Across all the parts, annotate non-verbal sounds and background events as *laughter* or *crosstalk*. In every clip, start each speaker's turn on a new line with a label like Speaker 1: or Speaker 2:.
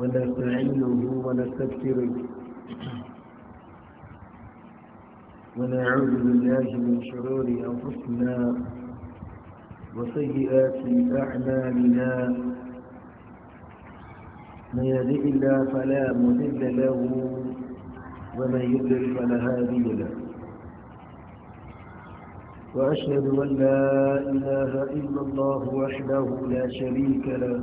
Speaker 1: ونستعينه ونستغفره ونعوذ بالله من شرور أنفسنا وسيئات أعمالنا من يهدئ الله فلا مضل له ومن يضلل فلا هادي له وأشهد أن لا إله إلا الله وحده لا شريك له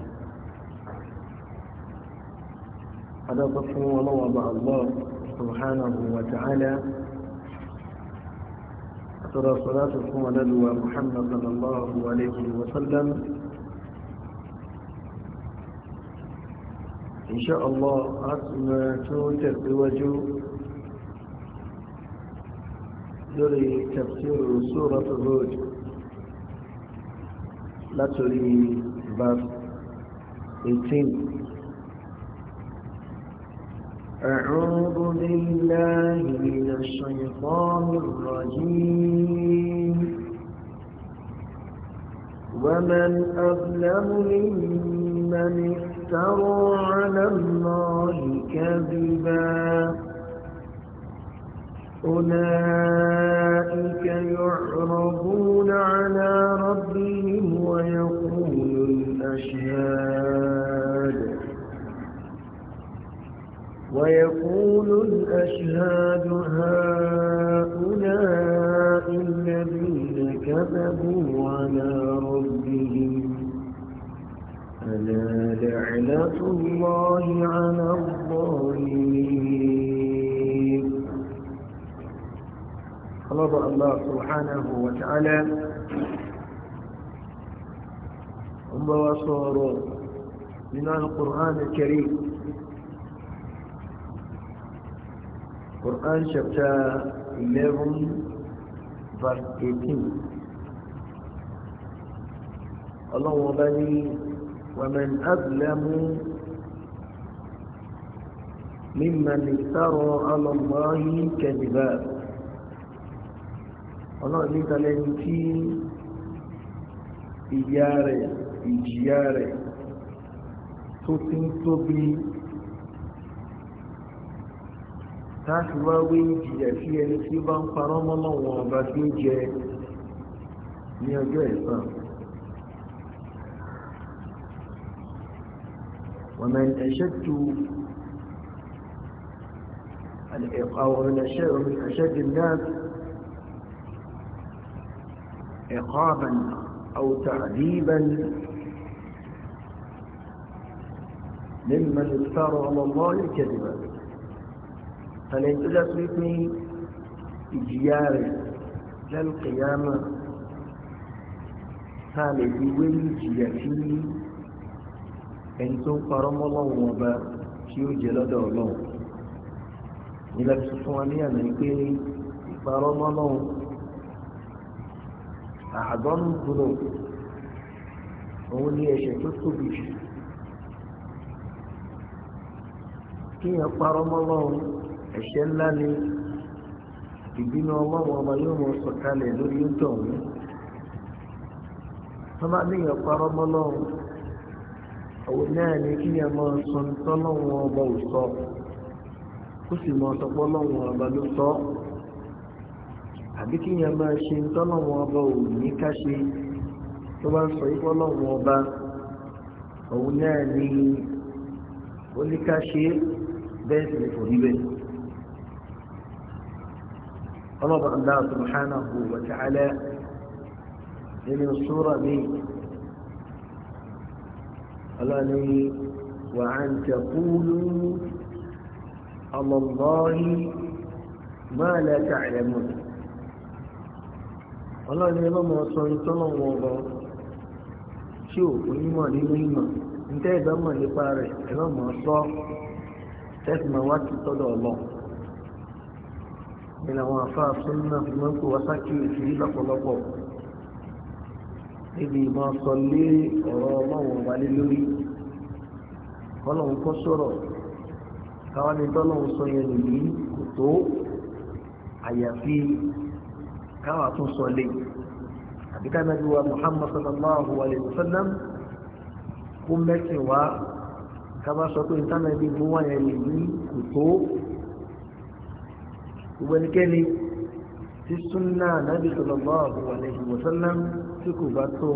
Speaker 1: هذا تصفه ولو وضع الله سبحانه وتعالى أترى صلاة ثم ندوى محمد صلى الله عليه وسلم إن شاء الله أسمى توتك لري تفسير سورة الهوج لا تري باب 18 أعوذ بالله من الشيطان الرجيم ومن أظلم ممن افترى على الله كذبا أولئك يعرضون على ربهم ويقول الأشهاد ويقول الأشهاد هؤلاء الذين كذبوا على ربهم ألا لعنة الله على الظالمين خلق الله سبحانه وتعالى أم وصوره من القرآن الكريم Quran chapter 11 verse 18 ọlọ́run ọba ní wàmẹ̀n abúlẹ́mú mímẹ̀n ìsárọ̀ alọ́mọ́ọ́yí kẹ̀dìbà ọlọ́run níta lẹ́ni tí ìyá rẹ̀ ìjìyà rẹ̀ tó ti ń láti wá wé ìjìyà sí ẹni tí bá ń parọ́ mọ́mọ́ wọn ọba tí ó jẹ ní ọjọ́ ẹ̀san ومن أشد أو من أشد, من أشد الناس عقابا أو تعذيبا ممن افترى على الله الكذبة àlẹ́ tó dá sí pé ìjìyà rẹ̀ lẹ́nu kẹ̀yàmà tá a lè fi wé ìjìyà tí ẹni tó ń parọ́ mọ́ lọ́wọ́ ọba tí ó jẹ lọ́dọ̀ ọlọ́run nígbà tó fún wa ní àná pé ìparọ́ mọ́ àádọ́nù gbúdọ̀ òun ní ẹ̀ṣẹ̀ tó tóbi jù kíyàn parọ́ mọ́ ẹ̀ṣẹ̀ ńlá ni ìbínú ọlọ́wọ́ ọba yóò mọ sọ̀kalẹ̀ lórí oúnjẹ ọ̀hún tó bá níyàn parọ́ mọ́lọ́run òun náà ni kíyàn sọ tọ́lọ́wọ́ ọba ò sọ ó sì ọba ló sọ àbí kíyàn máa ṣe ọba ò ní ká ṣe tó bá sọ طلب الله سبحانه وتعالى من الصورة دي قال لي وأن تقولوا على الله ما لا تعلمون قال لي لما صلى الله عليه شوف إما لي إما انتهى بما لقارئ إما صلى تسمى وقت تدعو الله ìlà àwọn àfa súnmọ́ fi máa ń pè wá sákì ìṣèlú lọ́pọ̀lọpọ̀ níbi ìmọ̀ sọ lé ọ̀rọ̀ ọlọ́run wálé lórí ọlọ́run kọ́ sọ̀rọ̀ káwá ní tọ́lọ́run sọ yẹn nìyí kò tó àyàfi káwá tún sọ lé àbí kánábí wa Muhammad sallallahu alayhi wa sallam kó mẹ́sìn wá ká sọ pé ìtànàbí mú wáyẹn nìyí kò tó gbogbo ẹnikẹ́ni tí súnà nàbí sallallahu alaihi wa sallam tí kò bá tó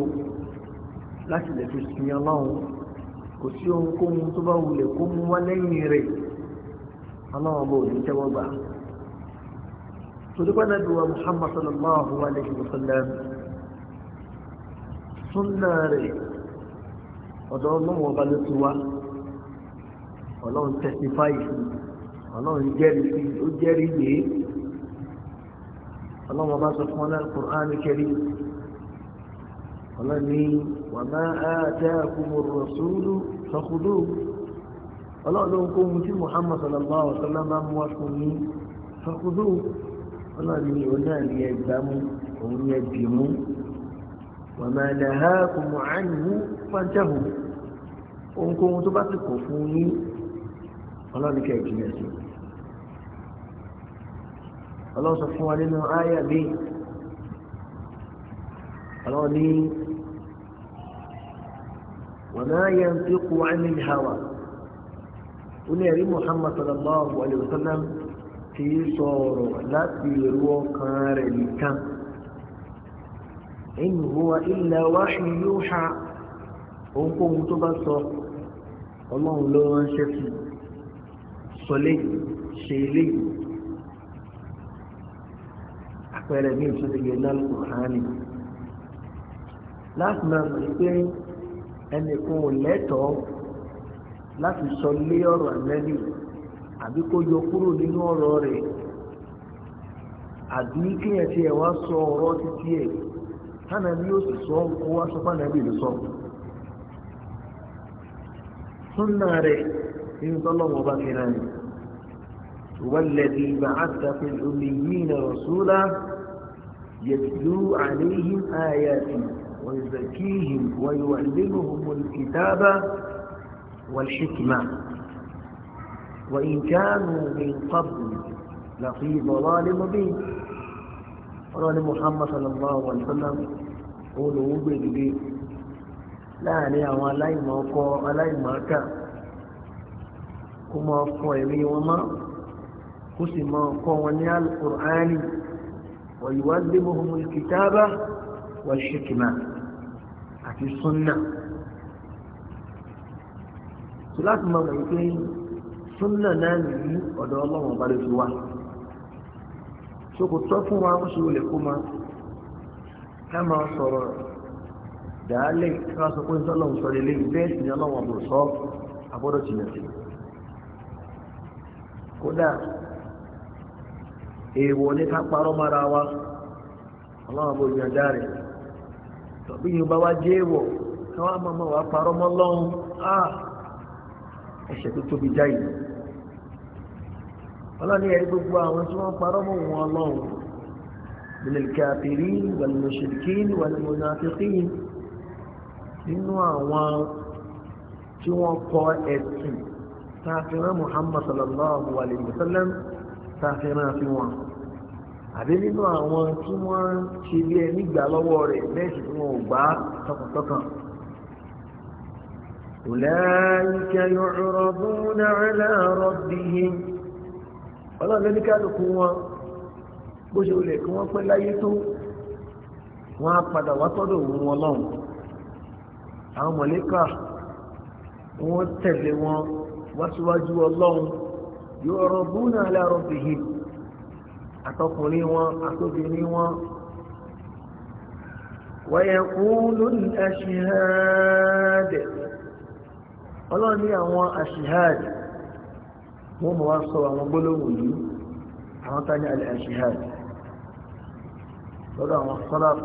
Speaker 1: láti lè fi sin ọlọ́run kò sí ohunkóhun tó bá wulẹ̀ kó mú wá lẹ́yìn rẹ̀ ọlọ́run bò ní tẹ́wọ́ gbà. sọdúpẹ́ nàbí wa muhammad sallallahu alaihi wa sallam súnà rẹ̀ ọ̀dọ̀ ọlọ́run ọba ló ti wá ọlọ́run tẹ̀sífáì fún un ọlọ́run jẹ́rìí sí ó jẹ́rìí lé ọlọ́run bá sọ fún ọ náà Qur'an kẹrí ọlọ́run ní wa ma ataakumur rasulu fakhudhu ọlọ́run ló ń kó ohun tí Muhammad sallallahu alaihi wasallam bá mú wá fún mi fakhudhu ọlọ́run ní òun náà ní ẹgbàá mú òun ní ẹbí mú wa ma nahakum anhu fantahu ohunkóhun tó bá ti kọ̀ fún yín ọlọ́run kẹ́ ìjìnlẹ̀ sí i ọlọ́run sọ fún wa nínú àyà mi ọlọ́run ní wọn náà yẹ ń fi kú àmì ìhàwà ó ní ẹ̀rí Muhammad sallallahu alayhi wa sallam ti sọ̀rọ̀ láti èrò ọkàn rẹ̀ nìkan in huwa illa wahyu yuha ohunkóhun tó bá sọ ọlọ́run ló ránṣẹ́ sí sọ ṣe léyìí àpẹẹrẹ ní ìṣòro yẹn lálùkù hánì láti máa mọ̀ pé ẹnìkan ò lẹ́tọ̀ọ́ láti sọ lé ọ̀rọ̀ àmẹ́lì àbí kó yọ kúrò nínú ọ̀rọ̀ rẹ̀ àbí kíyàn tiẹ̀ wá sọ ọ̀rọ̀ títí ẹ̀ hánà ni yóò sì sọ kó wá sọ fún ànábì ló sọ. súnà rẹ̀ nínú tọ́lọ́wọ́ bá fi rán ni. wọ́n lẹ́bi bàá tàfin omi yìí nà rọ̀ sùúlá. يتلو عليهم آياته ويزكيهم ويعلمهم الكتاب والحكمة وإن كانوا من قبل لفي ضلال مبين قال محمد صلى الله عليه وسلم قولوا بالبيت لا ما قوى علي ما كان كما لي وما كسما كوني القرآن ويعلمهم الكتاب والحكمة àti súnà tó láti mọ náà nìyí ọ̀dọ̀ ọlọ́run ọba ló ti wá so kò fún wa ó ṣe olè kó ma ká máa sọ̀rọ̀ dàálẹ̀ ká sọ pé sọ́lọ́ ń sọ̀rọ̀ eléyìí bẹ́ẹ̀ sì ni ọlọ́run èèwọ̀ ní ká parọ́ mara wa ọlọ́run bó yànjá rẹ̀ tọ́bí yìí bá wá jẹ́ èèwọ̀ káwá mọ́mọ́ wá parọ́ mọ́ lọ́hùn á ah! ẹ̀ṣẹ̀ tó tóbi jáì ọlọ́run yẹ gbogbo àwọn tí wọ́n parọ́ mọ́ wọn ọlọ́run bililkafiri walimushirikin walimunafikin nínú àwọn tí wọ́n kọ ẹ̀sìn tààfin Muhammad sallallahu alayhi wa sallam tààfin náà fi wọn àbí nínú àwọn tí wọ́n ṣe bí ẹni gbà lọ́wọ́ rẹ̀ bẹ́ẹ̀sì tí wọn ò gbà tọkàntọkàn. أولئك يعرضون على ربهم ọlọ́run ló ní kálukú wọn bó ṣe olè kí wọ́n pẹ́ láyé tó wọ́n á padà wá tọ́dọ̀ òun wọn lọ́hùn àwọn mọ̀lẹ́kà wọ́n tẹ̀lé wọn wá síwájú ọlọ́run yóò rọ búnà aláàrọ̀ bìhìn àtọkùnrin wọn àtobìnrin wọn wọ́yẹ̀kúlù aṣìhádẹ̀ ọlọ́run ní àwọn aṣìhádẹ̀ wọ́n mọ̀ wá sọ àwọn gbólóhùn yìí àwọn tání alẹ́ aṣìhádẹ̀ lọ́dọ̀ àwọn salaf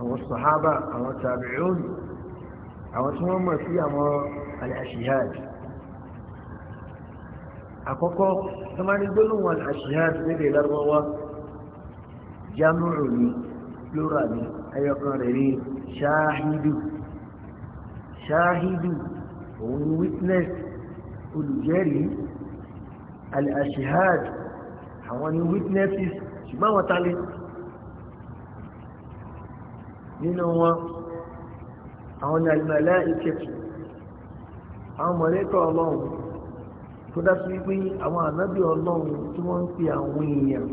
Speaker 1: àwọn sàhábà àwọn tàbíùn àwọn tí wọ́n mọ̀ sí àwọn alẹ́ aṣìhádẹ̀ àkọ́kọ́ tó máa ní gbólóhùn àṣìhàn lédè lárúbáwá jámùrù ni plural ni ẹyọkan rẹ̀ ní ṣáhídù ṣáhídù òun ni witness olùjẹ́rìí al-ashihad àwọn ni witnesses ṣùgbọ́n àwọn tálẹ̀ nínú wọn àwọn ni al-malaikatu àwọn mọ̀lẹ́kọ̀ ọlọ́run tó dájú wípé àwọn ànábì ọlọ́run tí wọ́n ń fi àwọn èèyàn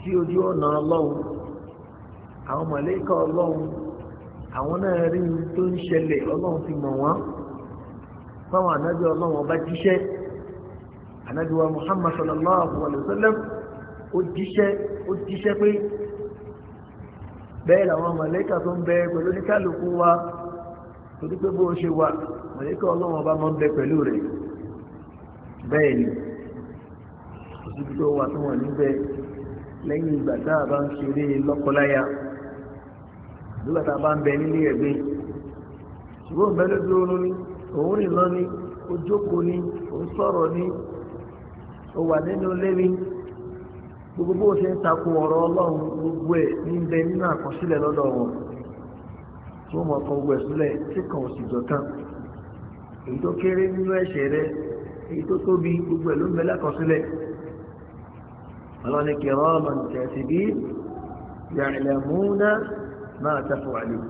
Speaker 1: sí ojú ọ̀nà ọlọ́run àwọn mọ̀lẹ́kà ọlọ́run àwọn náà rí ní tó ń ṣẹlẹ̀ ọlọ́run fi mọ̀ wọ́n fáwọn ànábì ọlọ́run ọba jíṣẹ́ ànábì wa Muhammad sallallahu alayhi wa sallam ó jíṣẹ́ ó jíṣẹ́ pé bẹ́ẹ̀ làwọn mọ̀lẹ́kà tó ń bẹ pẹ̀lú oníkálukú wa torí pé bó ṣe wà mọ̀lẹ́kà ọlọ́run ọba máa ń bẹ pẹ̀lú rẹ̀ bẹ́ẹ̀ ni ibi tó wà tó wọ̀n níbẹ̀ lẹ́yìn ìgbà tá a bá ń ṣeré lọ́kọláya nígbà tá a bá ń bẹ nílé ẹ̀gbẹ́ ṣùgbọ́n bẹ́lẹ́ dúró ní òun rìn lọ ní ní sọ̀rọ̀ ní wà nínú gbogbo bó ṣe ń takò ọ̀rọ̀ ọlọ́run gbogbo ẹ̀ ní bẹ nínú àkọsílẹ̀ lọ́dọ̀ wọn tí wọ́n mọ̀ ọkọ̀ gbogbo ẹ̀ sílẹ̀ tí èyí tó tóbi gbogbo ẹ̀ ló ń bẹ lákọsílẹ̀ ọlọ́ni kiraman katibin ya'lamuna ma taf'alun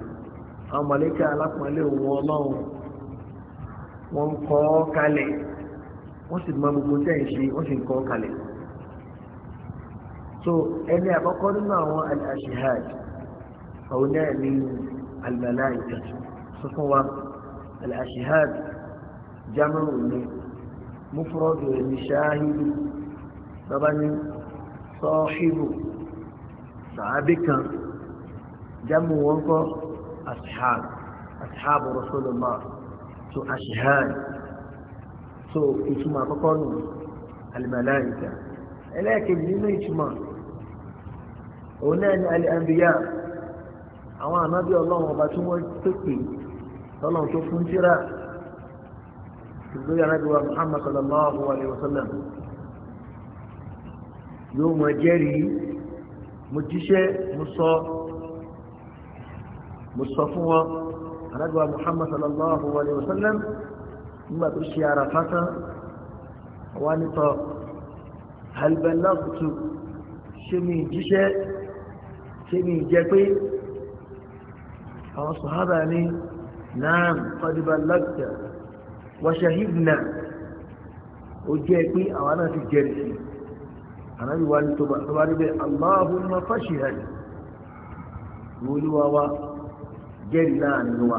Speaker 1: àwọn mọ̀lẹ́kà alápọ̀nlé òun ọlọ́run wọ́n ń kọ́ kalẹ̀ wọ́n sì mọ gbogbo tẹ́ ń ṣe wọ́n sì ń kọ́ kalẹ̀ so ẹni àkọ́kọ́ nínú àwọn al-ashhad òun náà ní al-malaika sọ fún wa al jámọ́ òun mufrọ́dù ẹ̀mí ṣááhìdù bàbá ní sọ́ọ́hìbù sàábì kan jámù wọn kọ́ ashab ashab rasulullah so ashihad so ìtumọ̀ àkọ́kọ́ nù alimalaika ẹlẹ́ẹ̀kejì nínú ìtumọ̀ òun náà ni alẹ́àmbíyá àwọn ànábì ọlọ́run ọba tí wọ́n pèpè tọ́lọ́run tó fún tíra ìgbéyà nàbí wa muhammad sallallahu alayhi wa sallam yóò mọ jẹ́rìí mo jíṣẹ́ mo sọ mo sọ fún wọn nàbí wa muhammad sallallahu alayhi wa sallam nígbà tó ṣe ara fásán wa nítọ́ halbalagtu ṣé mi jíṣẹ́ ṣé mi jẹ́ pé àwọn sọ̀hábà ni náà qad ballagta wàṣàhìdìnà ó jẹ́ pé àwọn náà ti jẹ́rìí sí ànábì wa ní tó bá rí bẹ́ẹ̀ Allahumma fashhad olúwawa jẹ́rìí láàrin wa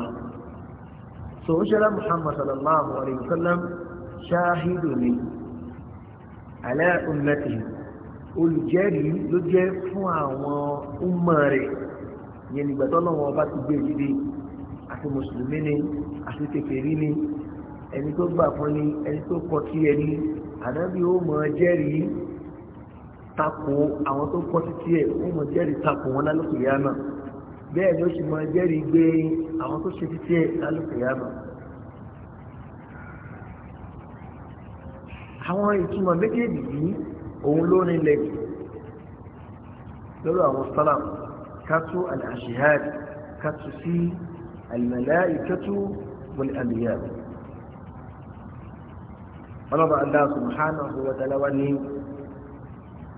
Speaker 1: so ó ṣẹlá Muhammad sallallahu alayhi wa sallam ṣáhìdù ni ala ummatihi ló jẹ́ fún àwọn ọmọ rẹ̀ yẹn nígbà tó lọ́wọ́ ti gbé e ìdílé àti mùsùlùmí ni àti kèfèrí ni ẹni tó gbà fún ni ẹni tó kọ sí ẹni ànábì ó mọ̀ jẹ́rìí tako àwọn tó kọ sí tiẹ̀ ó mọ̀ jẹ́rìí tako wọn lálùkù yá náà bẹ́ẹ̀ ni ó sì mọ̀ jẹ́rìí gbé àwọn tó ṣe sí tiẹ̀ lálùkù yá náà. àwọn ìtumọ̀ méjèèjì yìí òun ló nílẹ̀ lọ́rọ̀ àwọn sálàm kátó àlàṣìhàd kátó sí àlùmọ̀lá ìkẹ́tù wọlé àlùyàwó ọlọ́ba Allah subhanahu wa ta'ala ni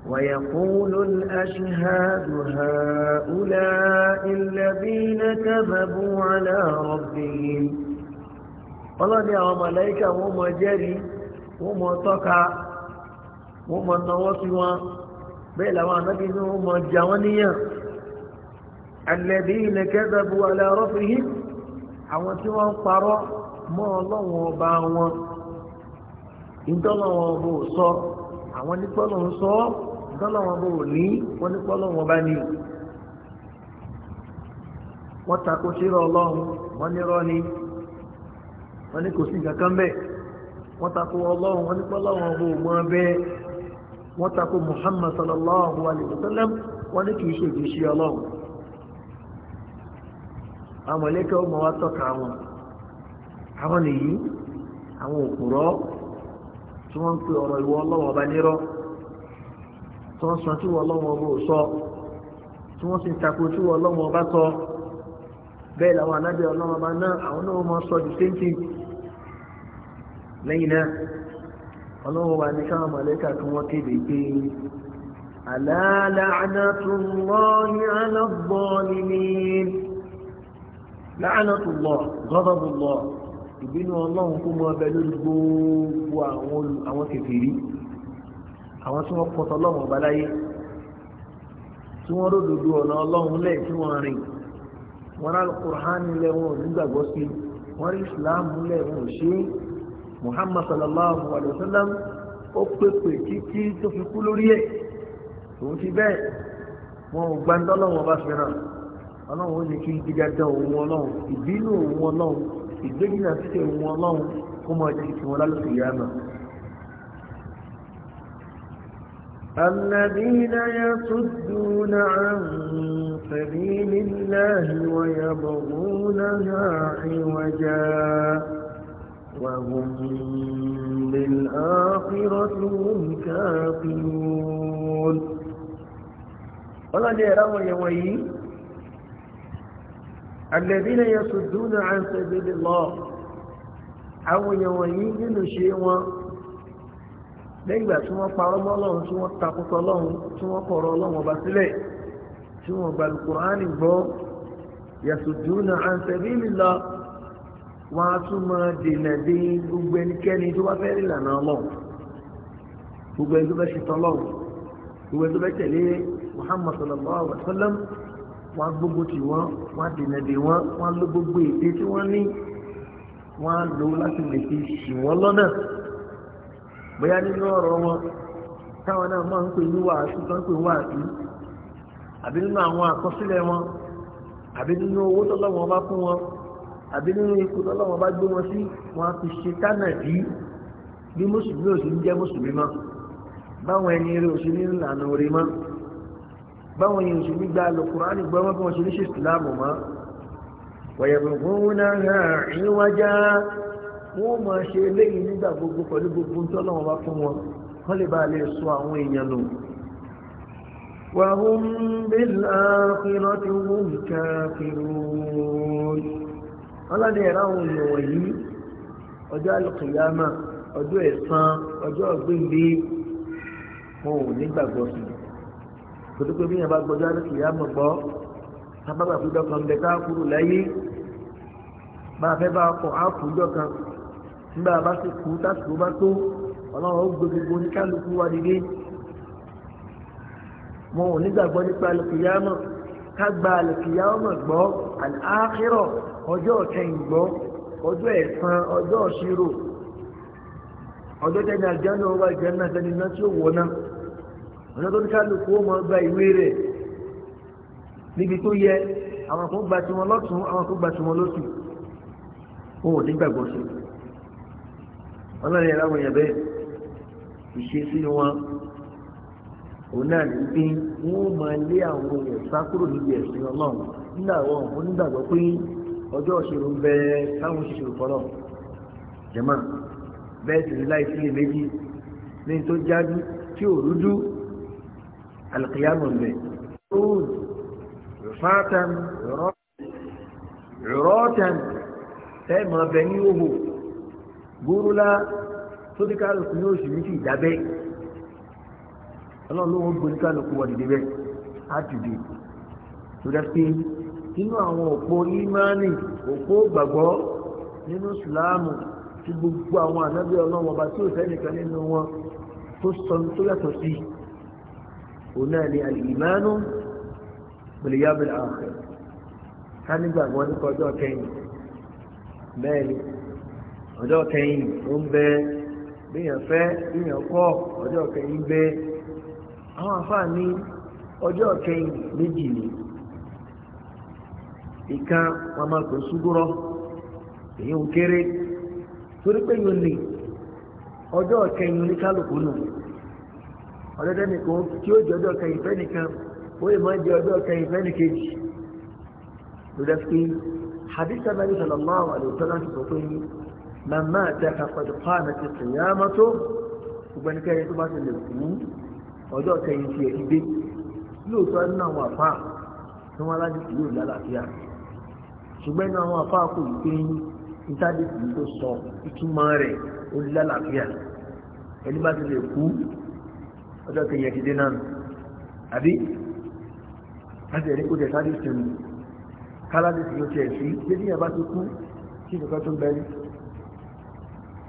Speaker 1: ويقول الأشهاد هؤلاء الذين كذبوا على ربهم ọlọ́ni àwọn mọ̀lẹ́kà wọ́n mọ̀ jẹ́rí wọ́n mọ̀ tọ́ka wọ́n mọ̀ náwọ́ sí wọn bẹ́ẹ̀ làwọn ànábì ní wọ́n mọ̀ jà wọ́n níyàn الذين كذبوا على ربهم àwọn tí wọ́n parọ́ mọ́ ọlọ́wọ́n ọba wọn ìdọ́lọ́wọ́ bò sọ àwọn nípọ́lọ́ ń sọ ìdọ́lọ́wọ́ bò ní wọ́n nípọ́lọ́ wọn bá ní. wọ́n takò sírọ̀ ọlọ́run wọ́n nírọ́ ni wọ́n ní kò sí nǹkan bẹ́ẹ̀ wọ́n takò ọlọ́run wọ́n nípọ́lọ́ wọn bò mọ́ bẹ́ẹ̀ wọ́n takò Muhammad sallallahu alayhi wa sallam wọ́n ní kì í ṣe ọlọ́run àwọn ọmọ wa tọ́ka tí wọ́n ń pe ọ̀rọ̀ ìwọ ọlọ́wọ́n ọba nírọ́ tí wọ́n sọ tí ìwọ ọlọ́wọ́n ọba ò sọ tí wọ́n sì ń takò tí ìwọ ọlọ́wọ́n ọba sọ bẹ́ẹ̀ làwọn anábẹ́ ọlọ́wọ́n ọba náà àwọn náà máa sọ the same thing lẹ́yìn náà ọlọ́wọ́n wa ní káwọn mọ̀lẹ́kà kí wọ́n kéde pé alálàánátùlọ́ọ̀ni alọ́gbọ́ọ̀lì ni láàánátùlọ́ gọ́dọ̀bùlọ́ọ̀ ìbínú ọlọ́run kó mọ ọbẹ̀ lórí gbogbo àwọn àwọn kèfèrí àwọn tí wọ́n pọ̀tọ́ ọlọ́run ọba láyé tí wọ́n ródòdó ọ̀nà ọlọ́run lẹ̀ tí wọ́n rìn wọ́n rà kùrán lẹ̀ wọn nígbàgbọ́ sí wọ́n rí islam lẹ̀ wọn ò ṣe muhammad sallallahu alayhi wa sallam ó pèpè títí tó fi kú lórí ẹ̀ òun ti bẹ́ẹ̀ wọn ò gbàndọ́ ọlọ́run ọba fẹ́ràn ọlọ́run ó ní kí gíga ìgbéjìnà sí ẹ̀wọ̀n ọlọ́run kó máa jẹ́ الذين يصدون عن سبيل الله ويبغونها عوجا وهم بالآخرة هم كافرون ولا alladhina yasudduna an sabilillah àwọn èèyàn wọ̀nyí nínú ṣe wọn lẹ́gbà tí wọ́n parọ́ mọ́ ọlọ́run tí wọ́n takùtọ̀ ọlọ́run tí wọ́n kọ̀rọ̀ ọlọ́run ọba sílẹ̀ tí wọ́n gba Al-Qur'ani gbọ́ yasudduna an sabilillah wọ́n á tún máa dènà dé gbogbo ẹnikẹ́ni tó bá fẹ́ rí ìlànà ọlọ́run gbogbo ẹni tó bá ṣe tọ́lọ́run gbogbo ẹni tó bá tẹ̀lé Muhammad sallallahu alaihi wa sallam wọ́n gbogbo tì wọ́n wọ́n dènà dè wọ́n wọ́n ló gbogbo èdè tí wọ́n ní wọ́n á lò láti lè fi ṣì wọ́n lọ́nà bóyá nínú ọ̀rọ̀ wọn táwọn náà máa ń pè ní wàásù tó ń pè wàásù àbí nínú àwọn àkọsílẹ̀ wọn àbí nínú owó tọ́lọ́wọ́n bá fún wọn àbí nínú ikú tọ́lọ́wọ́n bá gbé wọn sí wọn á fi ṣe tánàdí bí mùsùlùmí ò sì ń jẹ́ mùsùlùmí mọ́ báwọn ẹni rẹ̀ ò sí ní ìlànà mọ́ báwọn èèyàn sì gbígba alùkùránì gbọ́ wọn bí wọ́n ṣe ní ṣe ìsìláàmù mọ́ wọ̀yẹ̀bùnkúnná ìwájá wọ́n mọ̀ ṣe eléyìí nígbà gbogbo pẹ̀lú gbogbo tọ́lọ́wọ́n bá fún wọn wọ́n lè bá lè sọ àwọn èèyàn nù wàhún bíláàkìrọ̀ tí wọ́n ń káfíròó ọlọ́dẹ̀ ẹ̀rọ àwọn èèyàn wọ̀nyí ọjọ́ alùkìyàmà ọjọ́ ẹ̀san ọjọ́ ọ̀gbìnbí torí pé bíyàn bá gbọ́jọ́ àdókè yá mọ̀ gbọ́ sábàbà fúdọ̀ kan bẹ ká kúrò láyé bá a fẹ́ bá a kọ̀ á fúdọ̀ kan nígbà bá sì kú tásìkò bá tó ọlọ́run ó gbé gbogbo oníkálukú wa dìde mo ò nígbàgbọ́ nípa àlùkìyámọ̀ ká gba àlùkìyámọ̀ gbọ́ àlùáhírọ̀ ọjọ́ ọ̀kẹyìn gbọ́ ọjọ́ ẹ̀san ọjọ́ ọ̀ṣirò ọjọ́ tẹ́ni àjẹ́ náà wá ìjẹ́ náà tẹ́ni náà tí ó wọ̀ náà ọ̀nà tó ní kálukú ó máa gba ìwé rẹ̀ níbi tó yẹ àwọn kan gba tiwọn lọ́tún àwọn kan gba tiwọn lósì wọn ò ní gbàgbọ́ sí ọlọ́run yẹn láwọn èèyàn bẹ́ẹ̀ ìṣesí wọn òun náà ní pé wọ́n máa lé àwọn èèyàn sá kúrò níbi ẹ̀sìn ọlọ́run nígbà wọn ò nígbàgbọ́ pé ọjọ́ ìṣirò ń bẹ táwọn òṣìṣẹ́ ìfọlọ́ jẹ̀mọ́ bẹ́ẹ̀ sì ní láì sí iyèméjì ní tó jáde tí ò rújú alìkìyàmù lẹ̀ tóòzù rìfáàtàn rọ́ọ̀tàn tẹ́ mọ̀ bẹ ní òhò gbúrúlá tó ní kálukú ní oṣù méjì ìdábẹ́ ọlọ́run ló ń gbé ní kálukú wọ̀ dìde bẹ́ẹ̀ á dìde tó dẹ́ pé nínú àwọn òpó ìmánì òpó gbàgbọ́ nínú sùlámù tí gbogbo àwọn ànábì ọlọ́run ọba tí ò sẹ́nìkan nínú wọn tó sọ tó yàtọ̀ sí i. náà ni alìmánú bìlìyàmìlì ààfẹ́ ká nígbàgbọ́ nípa ọjọ́ kẹyìn bẹ́ẹ̀ ni ọjọ́ kẹyìn ó ń bẹ bíyàn fẹ́ bíyàn kọ́ bẹ àwọn àfáà ní ọjọ́ kẹyìn méjì ni ìkan wọn máa kó ṣúgbọ́rọ́ èyí ń kéré ọ̀dọ́dọ́ nìkan tí ó jẹ́ ọdọ́ kan ìfẹ́ nìkan ó lè máa jẹ́ ọdọ́ kan ìfẹ́ nìkejì ló dẹ́ pé hadith abẹ́lẹ́ sallallahu alaihi wasallam ti sọ pé màmá àti àkàfọ̀dù pààmì ti sìn yá mọ́tò gbogbo ẹnikẹ́ni tó bá ti lè kú ọjọ́ kẹyìn ti ẹ̀ ibé lóòótọ́ nínú àwọn àfáà tí wọ́n aláàjì sí yóò lálàáfíà ṣùgbọ́n nínú àwọn àfáà kò yí pé ìtàdé kìí tó sọ ìtumọ̀ rẹ̀ ó lálàáfíà ẹni bá ti lè kú ọjọ́ kejì ẹ̀ ti dé náà àbí láti ẹ̀rí kó tẹ̀ sáré sí mi káládé sì ló tẹ̀ sí pé bí yàrá tó kú kí nǹkan tó ń bẹ̀rẹ̀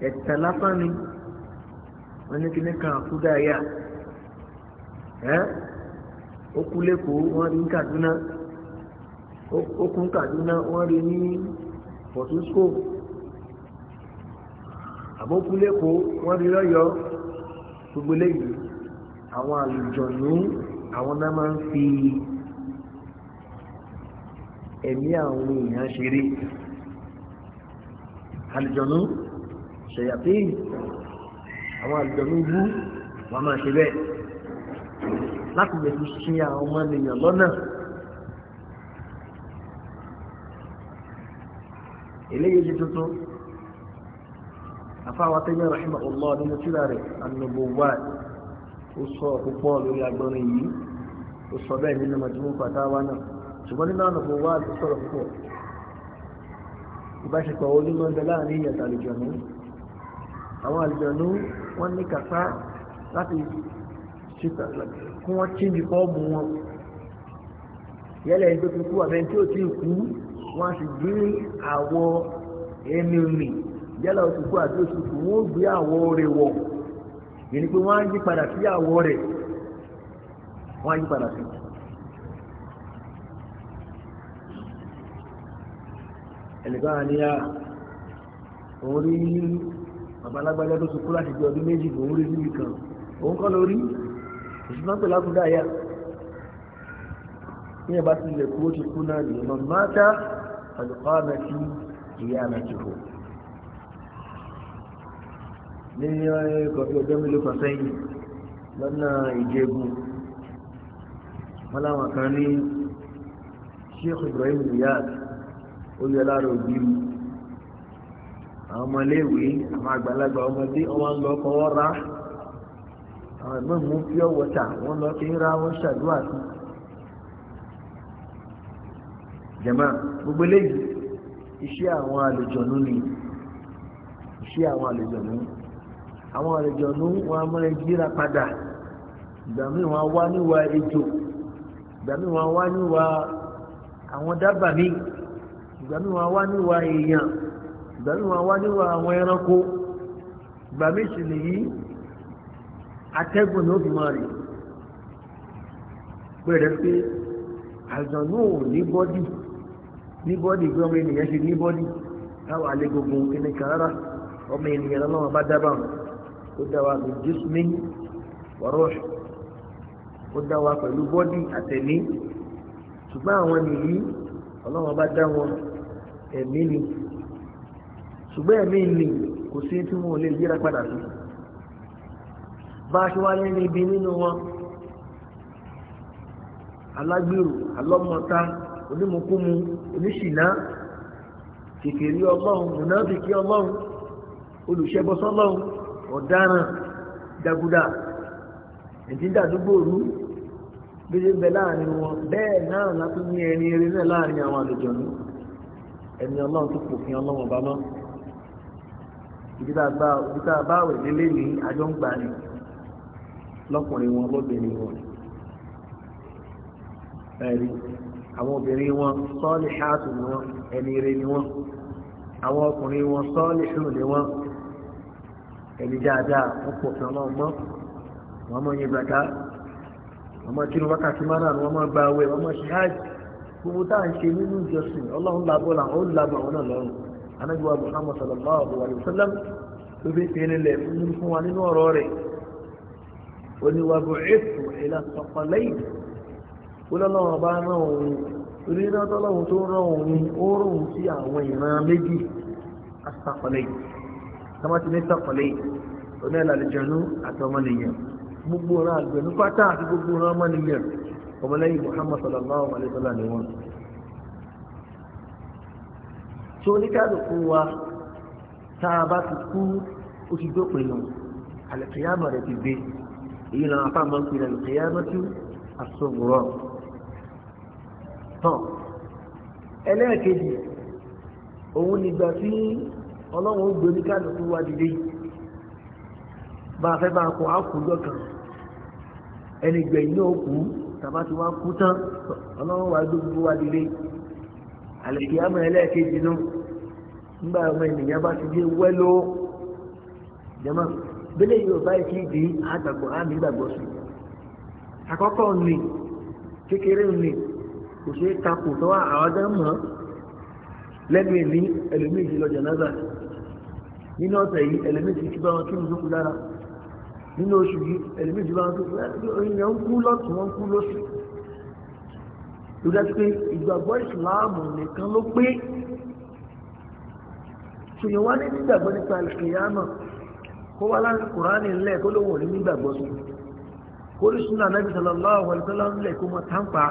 Speaker 1: ẹ̀tẹ̀ lásán ni wọ́n ní kí ní kan àkúdà yà ẹ́ ó kú lẹ́kọ̀ọ́ wọ́n rí ní Kaduna ó kún Kaduna wọ́n rí ní fọ̀túnṣkò àbókú lẹ́kọ̀ọ́ wọ́n rí lọ́yọ́ gbogbo lẹ́yìn àwọn àlùjọ̀nú àwọn náà máa ń fi ẹ̀mí àwọn èèyàn ṣeré àlùjọ̀nú ṣèyàpé àwọn àlùjọ̀nú wú wọn máa ṣe bẹ́ẹ̀ láti lè fi ṣe àwọn ọmọ ènìyàn lọ́nà. eléyìí ti tuntun afáwọn tẹ́lẹ̀ rahimahullah nínú tírà rẹ̀ an ó sọ púpọ̀ lórí agbọ́nrin yìí ó sọ bẹ́ẹ̀ nínú mọ̀túnmú fatawa náà ṣùgbọ́n nínú àwọn ọ̀pọ̀ wá ti sọ̀rọ̀ púpọ̀ ìbáṣepọ̀ onímọ̀ ń bẹ láàrin ìyàtọ̀ àlùjọ̀nú àwọn àlùjọ̀nú wọ́n ní kàtá láti kí wọ́n tí ní fọ́ọ̀mù wọn yẹ́lẹ̀ tó ti kú àbẹ́ tí ó ti kú wọ́n á sì gbé àwọ̀ ẹni rìn yẹ́lẹ̀ ó ti kú àti ó ti kú wọ́n ó gbé àwọ̀ rẹ̀ wọ̀ yẹn ni pé wọ́n á yí padà sí àwọ̀ rẹ̀ wọ́n á yí padà sí. ẹnìkan àníyá òun rí babalágbájá tó ti láti di ọdún méjì òun rí níbi kan òun kọ́ lórí ìṣúná pẹ̀lú àkúdá yá ní ẹ̀bá ti lè kú ó ti kú náà nìyẹn mọ̀ máta àlùkò àmẹ́tí ìyá àmẹ́tí fò ní eh, kọfí ọjọ́ mélòó kan sẹ́yìn lọ́nà ìjẹ́gun wọn láwọn kan ní Sheikh Ibrahim Riyad olùyọlára òbí mu àwọn ọmọléèwé àwọn àgbàlagbà ọmọdé wọn lọ kọwọ́ ra àwọn ẹ̀gbọ́n mú pure water wọn lọ kí ń ra wọn ṣàdúrà sí jẹ̀mọ́ gbogbo eléyìí iṣẹ́ àwọn àlùjọ̀nú ni iṣẹ́ àwọn àlùjọ̀nú ni àwọn àlejòónú wọn a máa yíra padà ìgbà míì wọn wá níwà ejò ìgbà míì wọn wá níwà àwọn dábàá míì ìgbà míì wọn wá níwà èèyàn ìgbà míì wọn wá níwà àwọn ẹranko ìgbà míì sì nìyí atẹ́gùn ní òbí máa rìn pẹ̀rẹ̀ pé àjọ̀nú ò ní bọ́dì ní bọ́dì bí ọmọ ènìyàn ṣe ní bọ́dì táwọn àlejò gbogbo kìnnìkan rárá ọmọ ènìyàn lọ́wọ́ bá dábàá ó dá pẹ̀lú jismin wa ruh ó dá wa pẹ̀lú bọ́dì àtẹ̀mí ṣùgbọ́n àwọn nìyí ọlọ́run bá dá wọn ẹ̀mí ni ṣùgbọ́n ẹ̀mí ni kò sí tí wọn ò lè yíra padà sí bá a ṣe wáyé ní ibi nínú wọn alágbèrò alọ́mọta onímọ̀kúmu oníṣìná kékeré ọlọ́run mùnáfíkí ọlọ́run olùṣẹ́bọsọ́lọ́run ọ̀daràn dàgùdà ìdídà àdúgbò rú gbélé bẹ láàrin wọn bẹ́ẹ̀ náà látún ní ẹni eré náà láàrin àwọn àlùjọ̀nú ẹni ọlọ́run tó pòfin ọlọ́run ọba mọ́ ìdídà báwẹ̀ délé ní àjọ ń gbani lọ́kùnrin wọn lóbìnrin wọn ẹ̀rí àwọn obìnrin wọn sọ́ọ̀lì ṣáàtù wọn ẹni eré ni wọn àwọn ọkùnrin wọn sọ́ọ̀lì ṣùn ni wọn ẹni dáadáa wọ́n pọ̀ fún ọmọ ọmọ wọ́n mọ̀ yẹn bàtà wọ́n mọ̀ kírun wákàtí márùn-ún wọ́n mọ̀ gba awẹ́ wọ́n mọ̀ ṣe hajj gbogbo táà ń ṣe nínú ìjọsìn ọlọ́run làbọ̀ làwọn ó làbọ̀ àwọn náà lọ́rùn anájúwa muhammad sallallahu alayhi wa sallam ló fi pèrè lẹ̀ fún wa nínú ọ̀rọ̀ rẹ̀ oníwàbù ẹ̀fù ìlà sọ̀kọ̀lẹ́yìn olólọ́wọ́ bá rán òun onírọ́tọ́lọ́wọ́ tó rán òun ó rán òun sí àwọn ìran méjì asọ̀kọ̀lẹ́yìn tọ́mọ́ ti ní sọ́kọ̀lẹ́ onílẹ̀ àlùjọ́nú àti ọmọnìyàn gbogbo ọ̀rọ̀ àlùjọ́nú pátá àti gbogbo ọ̀rọ̀ ọmọnìyàn ọmọlẹ́yìn Muhammad sallallahu alayhi wa sallam ni wọ́n. tó oníkàlùkù wa tá a bá ti kú ó ti dópin nù àlùkìyàmọ̀ rẹ̀ ti gbé èyí làwọn afá máa ń pè àlùkìyàmọ̀ tó àsọ̀rọ̀ tán ẹlẹ́ẹ̀kejì òun nígbà tí ọlọ́run ó gbé oníkàlùkù wá dìde bá a fẹ́ bá a kọ́ àkójọ kan ẹni gbẹ̀yìn náà kú tàbá ti wá kú tán ọlọ́run wá gbogbo wá dìde àlèkè àmọ́ ẹlẹ́ẹ̀kejì náà nígbà ọmọ ènìyàn bá ti dé wẹ́lò jẹ́mọ́ bílẹ̀ yóò báyìí kí di àgbàgbọ́ àmì ìgbàgbọ́ sí àkọ́kọ́ ni kékeré ni kò ṣeé takò tó àwọn ọjọ́ lẹ́nu ìní ẹlòmíì ti lọ jẹ̀ náà nínú ọ̀sẹ̀ yìí ẹlẹ́mìtì tí bá wọn kí nìyókù lára nínú oṣù yìí ẹlẹ́mìtì bá wọn kí èèyàn ń kú lọ́tún wọn kú lóṣù tó dájú pé ìgbàgbọ́ ìsìláàmù nìkan ló pé ṣùgbọ́n wá ní nígbàgbọ́ nípa ìkìyàmà kó wá láti kùránì ńlẹ̀ kó ló wọ̀ ní nígbàgbọ́ sí kó rí súnà nàbì sallallahu alaihi wasallam ńlẹ̀ kó máa tánpa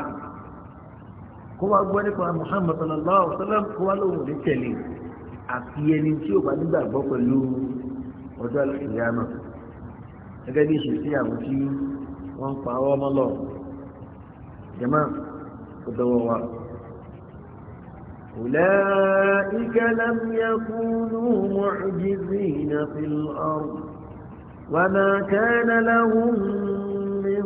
Speaker 1: kó wá gbọ́ nípa Muhammad sallallahu alaihi wasallam kó wá lóhùn ní tẹ̀lé àfi ẹni tí ò bá nígbàgbọ́ pẹ̀lú ọjọ́ ìyáàmà gẹ́gẹ́ bí ìṣesí àwọn tí wọ́n ń pa ọmọ lọ jẹ́mọ́ kò dọ̀wọ́ wa. أولئك لم يكونوا معجزين في الأرض وما كان لهم من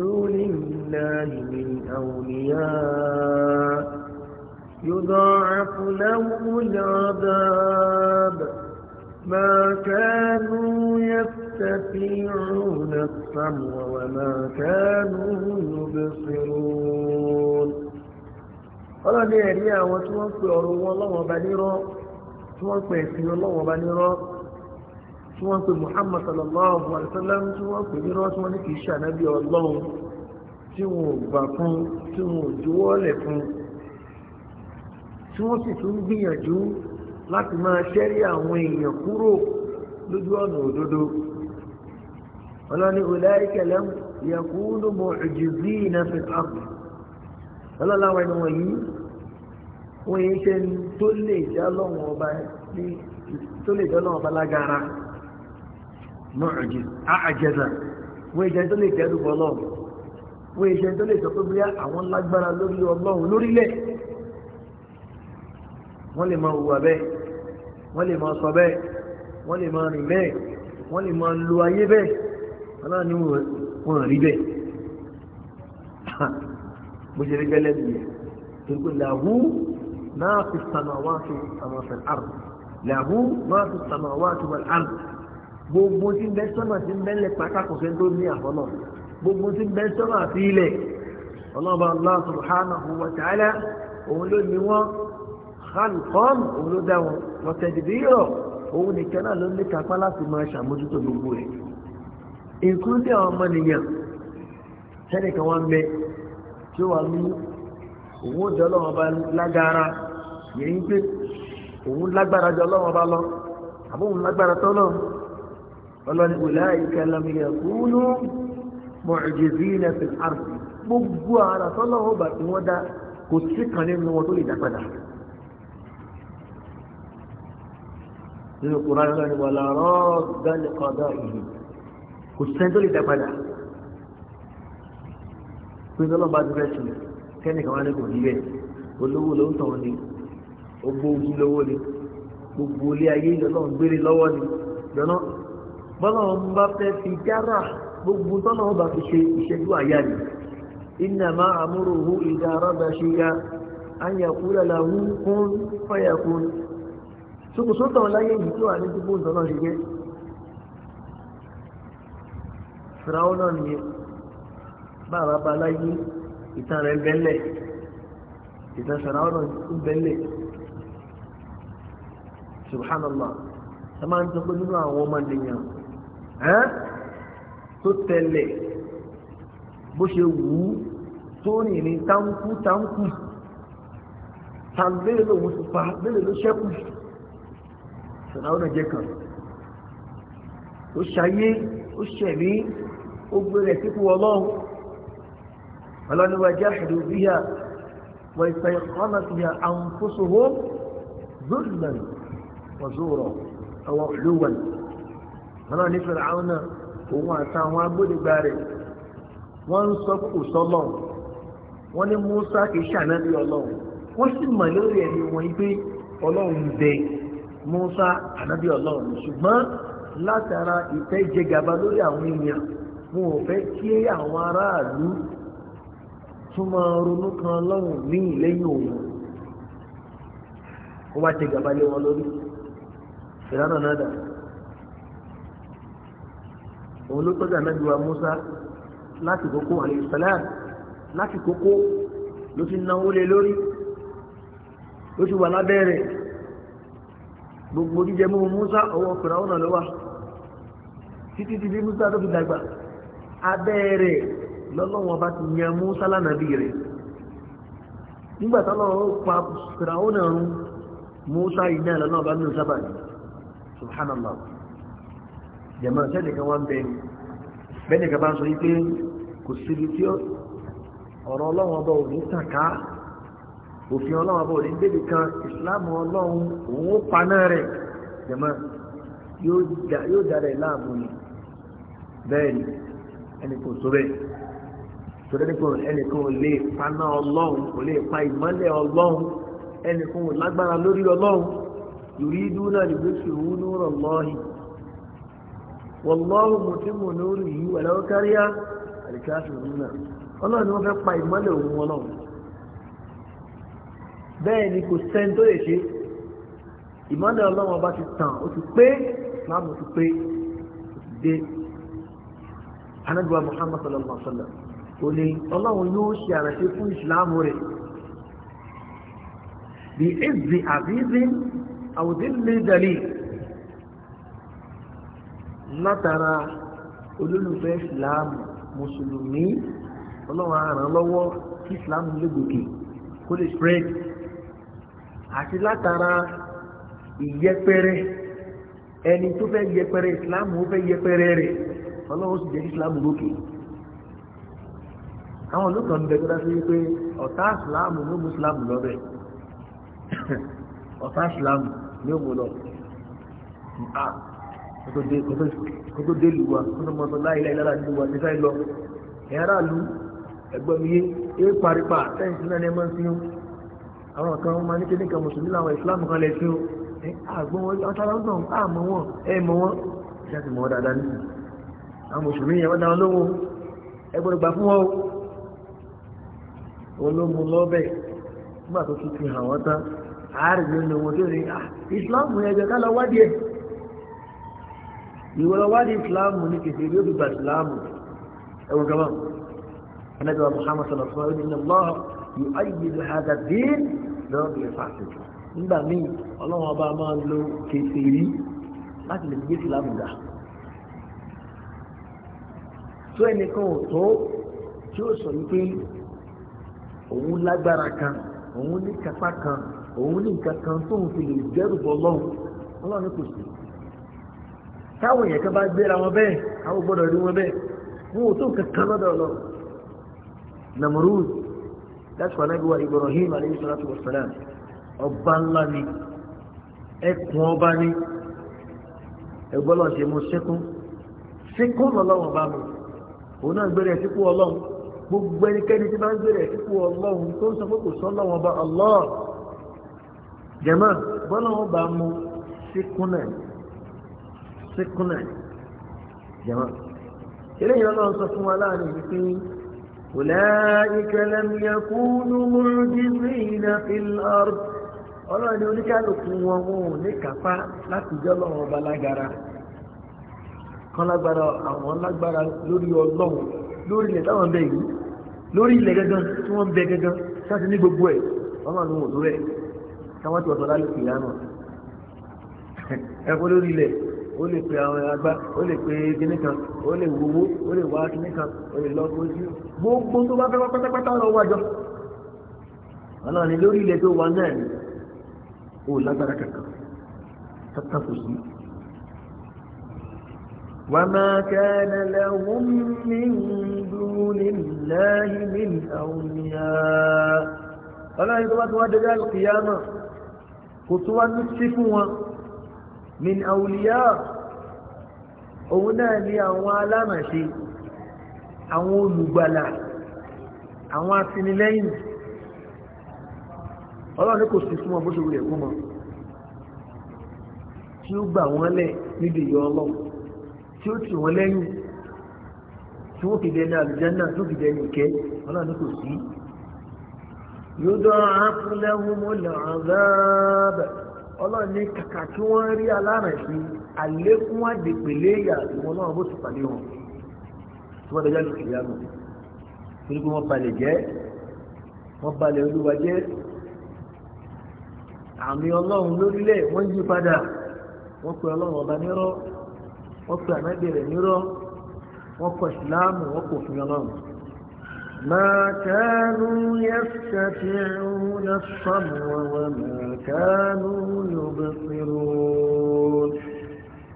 Speaker 1: دون الله من أولياء يضاعف لهم العذاب ما كانوا يستطيعون الصم وما كانوا يبصرون قال لي ريا وتوفر والله وبنيرا توفر في الله وبنيرا توفر محمد صلى الله عليه وسلم توفر بنيرا توفر في الشعنبي والله توفر بكم توفر جوالكم tí wọ́n sì tún gbìyànjú láti máa ṣẹ́rí àwọn èèyàn kúrò lójú ọ̀nà òdodo ọlọ́ni ulaika lam yakunu mu'jizina fil ard ọlọ́láwọ̀ ẹni wọ̀nyí wọ́n yẹn ṣe tó lè já lọ́wọ́ ọba ní tó lè já lọ́wọ́ ọba lágara mu'jiz àjẹsà wọ́n yẹn ṣe tó lè jẹ́ dùbọ̀ wọ́n yẹn ṣe tó lè sọ pé bí àwọn lágbára lórí ọlọ́run lórílẹ̀ wọ́n lè máa hùwà bẹ́ẹ̀ wọ́n lè máa sọ bẹ́ẹ̀ wọ́n lè máa rìn bẹ́ẹ̀ wọ́n lè máa lo ayé bẹ́ẹ̀ aláàánú wọn rí bẹ́ẹ̀ *laughs* bó ṣe rí gẹ́lẹ́ nìyẹn gbogbo làwù náà fi samawatu àwọn fẹ̀ àrùn làwù náà fi samawatu wọn àrùn gbogbo tí bẹ́ sọ́nà tí bẹ́ lẹ pàtàkùn fẹ́ tó ní àfọ́nà gbogbo tí bẹ́ sọ́nà àti ilẹ̀ ọlọ́ba Allah subhanahu wa ta'ala òun ló ní wọ́n khalqan òun ló dá wọn wọ́tẹ̀dìbíyọ̀ òun nìkan náà ló ní kápá láti máa ṣàmójútó gbogbo ẹ̀ ìkúndé àwọn ọmọnìyàn sẹ́nìkan wọn bẹ tí ó wà ní òun ó jọ ọlọ́wọ́n bá lágara yẹn pé òun lágbára jọ ọlọ́wọ́n bá lọ àbóhun lágbára tọ́lọ́ ọlọ́ni ulaika lam yakunu mu'jizina fil ard gbogbo àrà tọ́lọ́wọ́ bàtí wọ́n dá kò sí kan nínú wọn tó lè dá padà. nínú kùránì náà ni wà láàárọ̀ dání ọ̀dọ́ ìlú kò sẹ́ni tó lè dá padà pé tọ́lọ́ba ti fẹ́ sùn kẹ́nìkan wá ní kò ní bẹ́ẹ̀ olówó ló ń tàn ní ogbó ojú lówó ni gbogbo ilé ayé lọ́nà gbére lọ́wọ́ ni lọ́nà bọ́lá wọn bá fẹ́ fi jára gbogbo tọ́lá wọn fi ṣe ìṣẹ́jú àyà ni iná máa àmúrò ìdá arábàṣe ya an yà kúrẹ̀ làwọn kún fàyà kún ṣokùnso tàn láyé yìí tí wà ní dúpọ̀ ìtọ́nà ṣe jẹ́ fìràwọ́ náà nìyẹn bàbá bá láyé ìtàn rẹ̀ bẹ́lẹ̀ ìtàn fìràwọ́ náà ń bẹ́lẹ̀ subhanallah ẹ máa ń sọ pé nínú àwọn ọmọ ènìyàn tó tẹ̀lẹ̀ bó ṣe wù ú tó rìn ní táǹkù táǹkù tàbí lè lòun ti pa lè lè ló ṣẹ́kù yìí fìràwọ́nà jẹ́ kan ó ṣayé ó ṣẹ̀mí ó gbére sípò ọlọ́run ọlọ́ni wa jahadu biha wa istayqanatha anfusuhum zulman wa zura aw uluwan ọlọ́ni fìràwọ́nà òun àtàwọn agbódegbà rẹ̀ wọ́n ń sọ kò sọ́lọ́ wọ́n ní Musa kì í ṣànábì ọlọ́run wọ́n sì mọ̀ lórí ẹ̀mí wọn pé ọlọ́run bẹ́ẹ̀. Musa ànábì ọlọ́run ṣùgbọ́n látara ìfẹ́ jẹgàba lórí àwọn èèyàn wọn ò fẹ́ kí àwọn aráàlú tún ronú kan ọlọ́run míì lẹ́yìn òun ó wá jẹgàba lé wọn lórí ìlànà náà dà òun ló tọ́jú ànábì Musa láti kókó àlè sàlám láti kókó ló ti náwó lé lórí ti wà lábẹ́ gbogbo jíjẹ mú musa ọwọ́ fìràwọn náà ló wà títí títí musa tó fi dàgbà abẹ́ rẹ̀ lọ́lọ́wọ́n bá ti yan musa lánàbí rẹ̀ nígbà tọ́lọ́wọ́ pa fìràwọn náà rún musa yìí náà lọ́lọ́wọ́ bá nínú sábà ní subhanallah jẹ̀mọ́ sẹ́ni kan wá ń bẹ bẹ́ẹ̀ ni kan bá ń sọ yí pé kò síbi tí ọ̀rọ̀ ọlọ́wọ́n bá ò ní tàkà òfin ọlọ́run ọba òní débi kan ìsìláàmù ọlọ́run òun ó paná rẹ̀ jẹ̀mọ́ yóò dára ẹ̀ láàmú ni bẹ́ẹ̀ ni ẹnì kò sọ bẹ́ẹ̀ tòdẹ́nìkan ẹnìkan ò lè paná ọlọ́run kò lè pa ìmọ́lẹ̀ ọlọ́run ẹnìkan ò lágbára lórí ọlọ́run yòrídú náà lè gbèsè òun ní ọ̀rọ̀ lọ́hìn wọ́lọ́hùn mo ti mọ̀ lórí yìí wẹ̀lẹ́ káríyá àdìkáṣù òun náà ọlọ́run ni wọ́n fẹ́ pa ìmọ́lẹ̀ òun ọlọ́run bẹ́ẹ̀ ni kò sẹ́ni tó lè ṣe ìmọ́lẹ̀ ọlọ́run ọba ti tàn ó ti pé láàmú ti pé ó ti dé anábíwá muhammad sallallahu alaihi wa sallam ó ní ọlọ́run yóò ṣe àrẹ̀ṣe fún ìsìláàmù rẹ̀ bí ẹ̀zì àbízi àwòdílé dàlí látara olólùfẹ́ ìsìláàmù mùsùlùmí ọlọ́run àràn lọ́wọ́ kí ìsìláàmù lè gòkè kó lè spread àti látara ìyẹpẹrẹ ẹni tó fẹ́ yẹpẹrẹ ìsìláàmù ó fẹ́ yẹpẹrẹ rẹ̀ ọlọ́run sì jẹ́ kí ìsìláàmù lókè àwọn olùkọ́ ń bẹ tó wípé ọ̀tá ìsìláàmù ló mú ìsìláàmù lọ ọ̀tá ìsìláàmù ni ó mú lọ kótó dé lùwà kótó mọ́tò láìláì lára lùwà ti fẹ́ lọ ẹ̀rá lu ẹ̀gbọ́n mi yé é paripa tẹ́ǹtì náà ní ẹ máa ń fi hàn àwọn kan wọn máa ní kéde kan mùsùlùmí làwọn ìsìláàmù kan lè sí o ẹ àgbọn wọn ọtara ń tàn á mọ wọn ẹ mọ wọn ṣé àti mọ wọn dáadáa nìyí àwọn mùsùlùmí yẹn wọn dáwọn lóhùn ẹ gbọ́dọ̀ gbà fún wọn o wọn ló mú lọbẹ nígbà tó ti fi hàn wọn tán àárẹ̀ ló ń tó ní à ah, ìsìláàmù yẹn jẹ ká lọ wádìí ẹ ìwọ lọ wádìí ìsìláàmù ní kìsì ìlú ìgbà ìsìláàmù ẹwọ gaba anabi wa muhammad sallallahu alaihi wa yóò ayélu àdàdé lọ́wọ́ bí ẹ̀fà àtẹ̀jù nígbà míì ọlọ́run ọba máa ń lo kèfèrí láti lè gbé ìsìlámù ga tó ẹnìkan ò tó tí ó sọ wípé òun lágbára kan òun ní kápá kan òun ní nǹkan kan tó ń fi lè dẹ́rù bọ́ lọ́hùn ọlọ́run kò sí táwọn èèyàn kan bá gbéra wọn bẹ́ẹ̀ àwọn gbọ́dọ̀ rí wọn bẹ́ẹ̀ wọn ò tó nǹkan kan lọ́dọ̀ lọ Namrud láti wà nábì wa Ibrahim alayhi salatu wa salam ọba ńlá ni ẹkùn ọba ni ẹgbọ́n lọ́n ṣe mú síkún síkún lọ́lọ́wọ́n bá mi òun náà gbére síkú ọlọ́run gbogbo ẹnikẹ́ni tí bá ń gbére síkú ọlọ́run tó ń sọ pé kò sọ lọ́wọ́n bá Allah jẹ̀mọ́ bọ́lọ́wọ́n bá mú síkún náà síkún náà jẹ̀mọ́ eléyìí ọlọ́run sọ fún wa láàrin ìpín أولئك لم يكونوا معجزين في الأرض ọlọ́run ni oníkálùkù wọn wọn ò ní kápá láti jẹ́ ọlọ́run ọba lágara kan lágbára àwọn lágbára lórí ọlọ́run lórí ilẹ̀ táwọn bẹ yìí lórí ilẹ̀ gangan tí wọ́n bẹ gangan sáti ní gbogbo ẹ̀ wọ́n máa lò lórí ẹ̀ káwọn ti wọ́n sọ lálẹ́ ìyá náà ẹ̀kọ́ lórí ilẹ̀ ó lè pe àwọn agbá ó lè pe kíní kan ó lè wowó ó lè wá kíní kan ó lè lọ kójú gbogbo tó bá fẹ́ wá pátápátá lọ wájọ. ọlọ́run ni lórí ilẹ̀ tó wà náà ni ó lágbára kankan kankan kò sí. وما كان لهم من دون الله من أولياء فلا يضغط وجه القيامة كتوى نفسي فوق min awuliya òun náà ni àwọn alámàṣe àwọn olùgbàlà àwọn afinilẹ́yìn ọlọ́run ní kò sí fún wọn bó ṣe wulẹ̀ fún wọn tí ó gbà wọ́n lẹ̀ níbi ìyọ ọlọ́run tí ó tì wọ́n lẹ́yìn tí wọ́n fìdí ẹni àlùjáná tó fìdí ẹni ìkẹ́ ọlọ́run ní kò sí. yóò dán àákúnlẹ́hùn mọ́lẹ̀ àzáàbẹ̀ ọlọ́run ní kàkà tí wọ́n rí aláràn sí àlékún àdèpèlé ìyà ìwọ̀n náà bó ti pàdé wọn tí wọ́n dẹjọ́ lùkì ìyá nù torí pé wọ́n balẹ̀ jẹ́ wọ́n balẹ̀ olúwa jẹ́ àmì ọlọ́run lórílẹ̀ wọ́n yí padà wọ́n pe ọlọ́run ọba nírọ́ wọ́n pe ànábì rẹ̀ nírọ́ wọ́n kọ̀ ìsìláàmù wọ́n kò fún ọlọ́run. ما كانوا يفتتعون الصبر وما كانوا يبصرون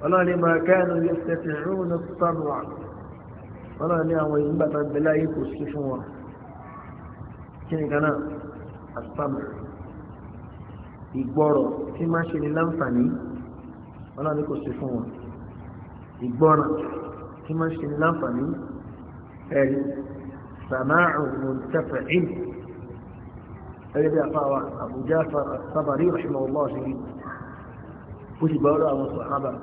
Speaker 1: ولا لما كانوا يفتتعون الصبر ولا لما ينبت بلا يكسفون كيف كان الصبر إقبارا في ماشي للمفاني ولا يكسفون إقبارا في ماشي للمفاني هذه سماع منتفع الذي أقام أبو جعفر الطبري رحمه الله شديد كتب وراء الصحابة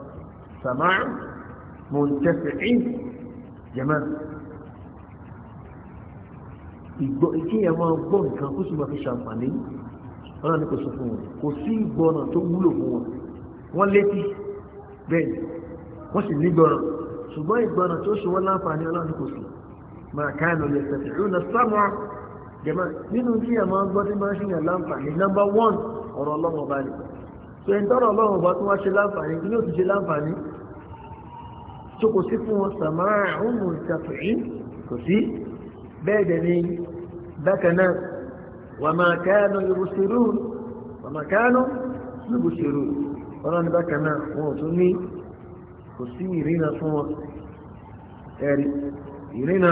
Speaker 1: سماع منتفع جماعة ìgbọ́ ìkí ẹ̀ máa gbọ́ nǹkan kó sì máa fi ṣàǹfààní ọ̀nà ní kò sọ fún wọn kò sí ìgbọ́nà tó wúlò fún wọn wọ́n létí bẹ́ẹ̀ wọ́n sì nígbọ́nà ṣùgbọ́n ìgbọ́nà tó ṣe wọ́n láǹfààní ọlọ́run kò sùn máa káànù lè tẹ̀sí ìrúnà sámà jẹ̀mọ́ nínú tí a máa ń gbọ́ tí máa ń ṣìyàn láǹfààní nọ́mbà wọ́n ọ̀rọ̀ ọlọ́run ọba ni tó ẹni tọ́rọ̀ ọlọ́run ọba tó wá ṣe láǹfààní kí ni ó ti ṣe láǹfààní tó kò sí fún wọn sàmà ọ̀hún ìṣàfihì kò sí bẹ́ẹ̀ dẹ̀ ni bákan náà wà máa káànù ìbùsùrù wà máa káànù ìbùsùrù ọlọ́run bákan náà wọn ò tún ní kò sí ìrìnà fún wọn ẹ̀rí ìrìnà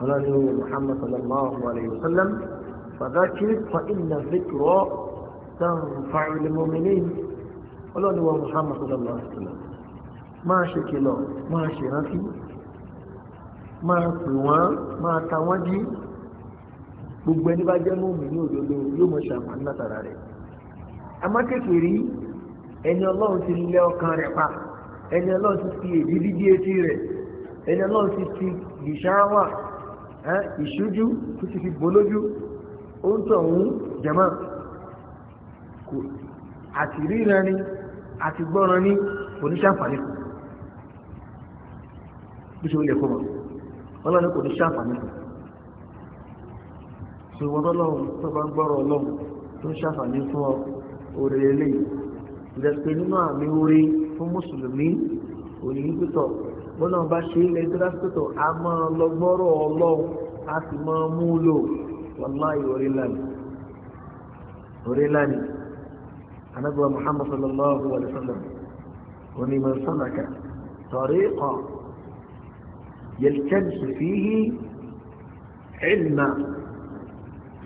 Speaker 1: ọlọ́ni محمد sallallahu alayhi wa sallam fàdákì fa inna zikra tanfa'u lil mu'minin ọlọ́ni wa muhammad وسلم ما شكله ما máa ما kìlọ̀ ما ṣe rántí máa pè wọ́n máa ta wọ́n jí gbogbo ẹni bá jẹ́ mọ́mí ní òdodo yóò mọ̀ ṣàǹfààní látara rẹ̀ amákèkèrè ẹni ọlọ́run ti lé ọkàn rẹ̀ pa ẹni ọlọ́run ti fi èdè dídí etí rẹ̀ ẹni ọlọ́run ti fi gìṣáwà ìṣújú tó ti fi bolójú ó ń tọ̀ ń jẹ̀mọ́ àti ríran ni àti gbọ́ran ni kò ní ṣàǹfààní kù bí ṣe ó lè kó mọ̀ ọlọ́run kò ní ṣàǹfààní kù ṣùgbọ́n ọlọ́run tó bá ń gbọ́rọ̀ ọlọ́run tó ń ṣàǹfààní fún ọ òrèlè ìdẹ̀pẹ̀ nínú àmì orí fún mùsùlùmí òyìn pítọ̀ bọ́nà bá ṣe ilẹ̀ ìtura pítọ̀ a máa lọ gbọ́rọ̀ ọlọ́run a sì máa mú lò wàláì orí lánìí orí lánìí anábíwá muhammad sallallahu alayhi wa sallam òní mọ̀ sọ́nàkà tariqa yaltamisu fihi ilma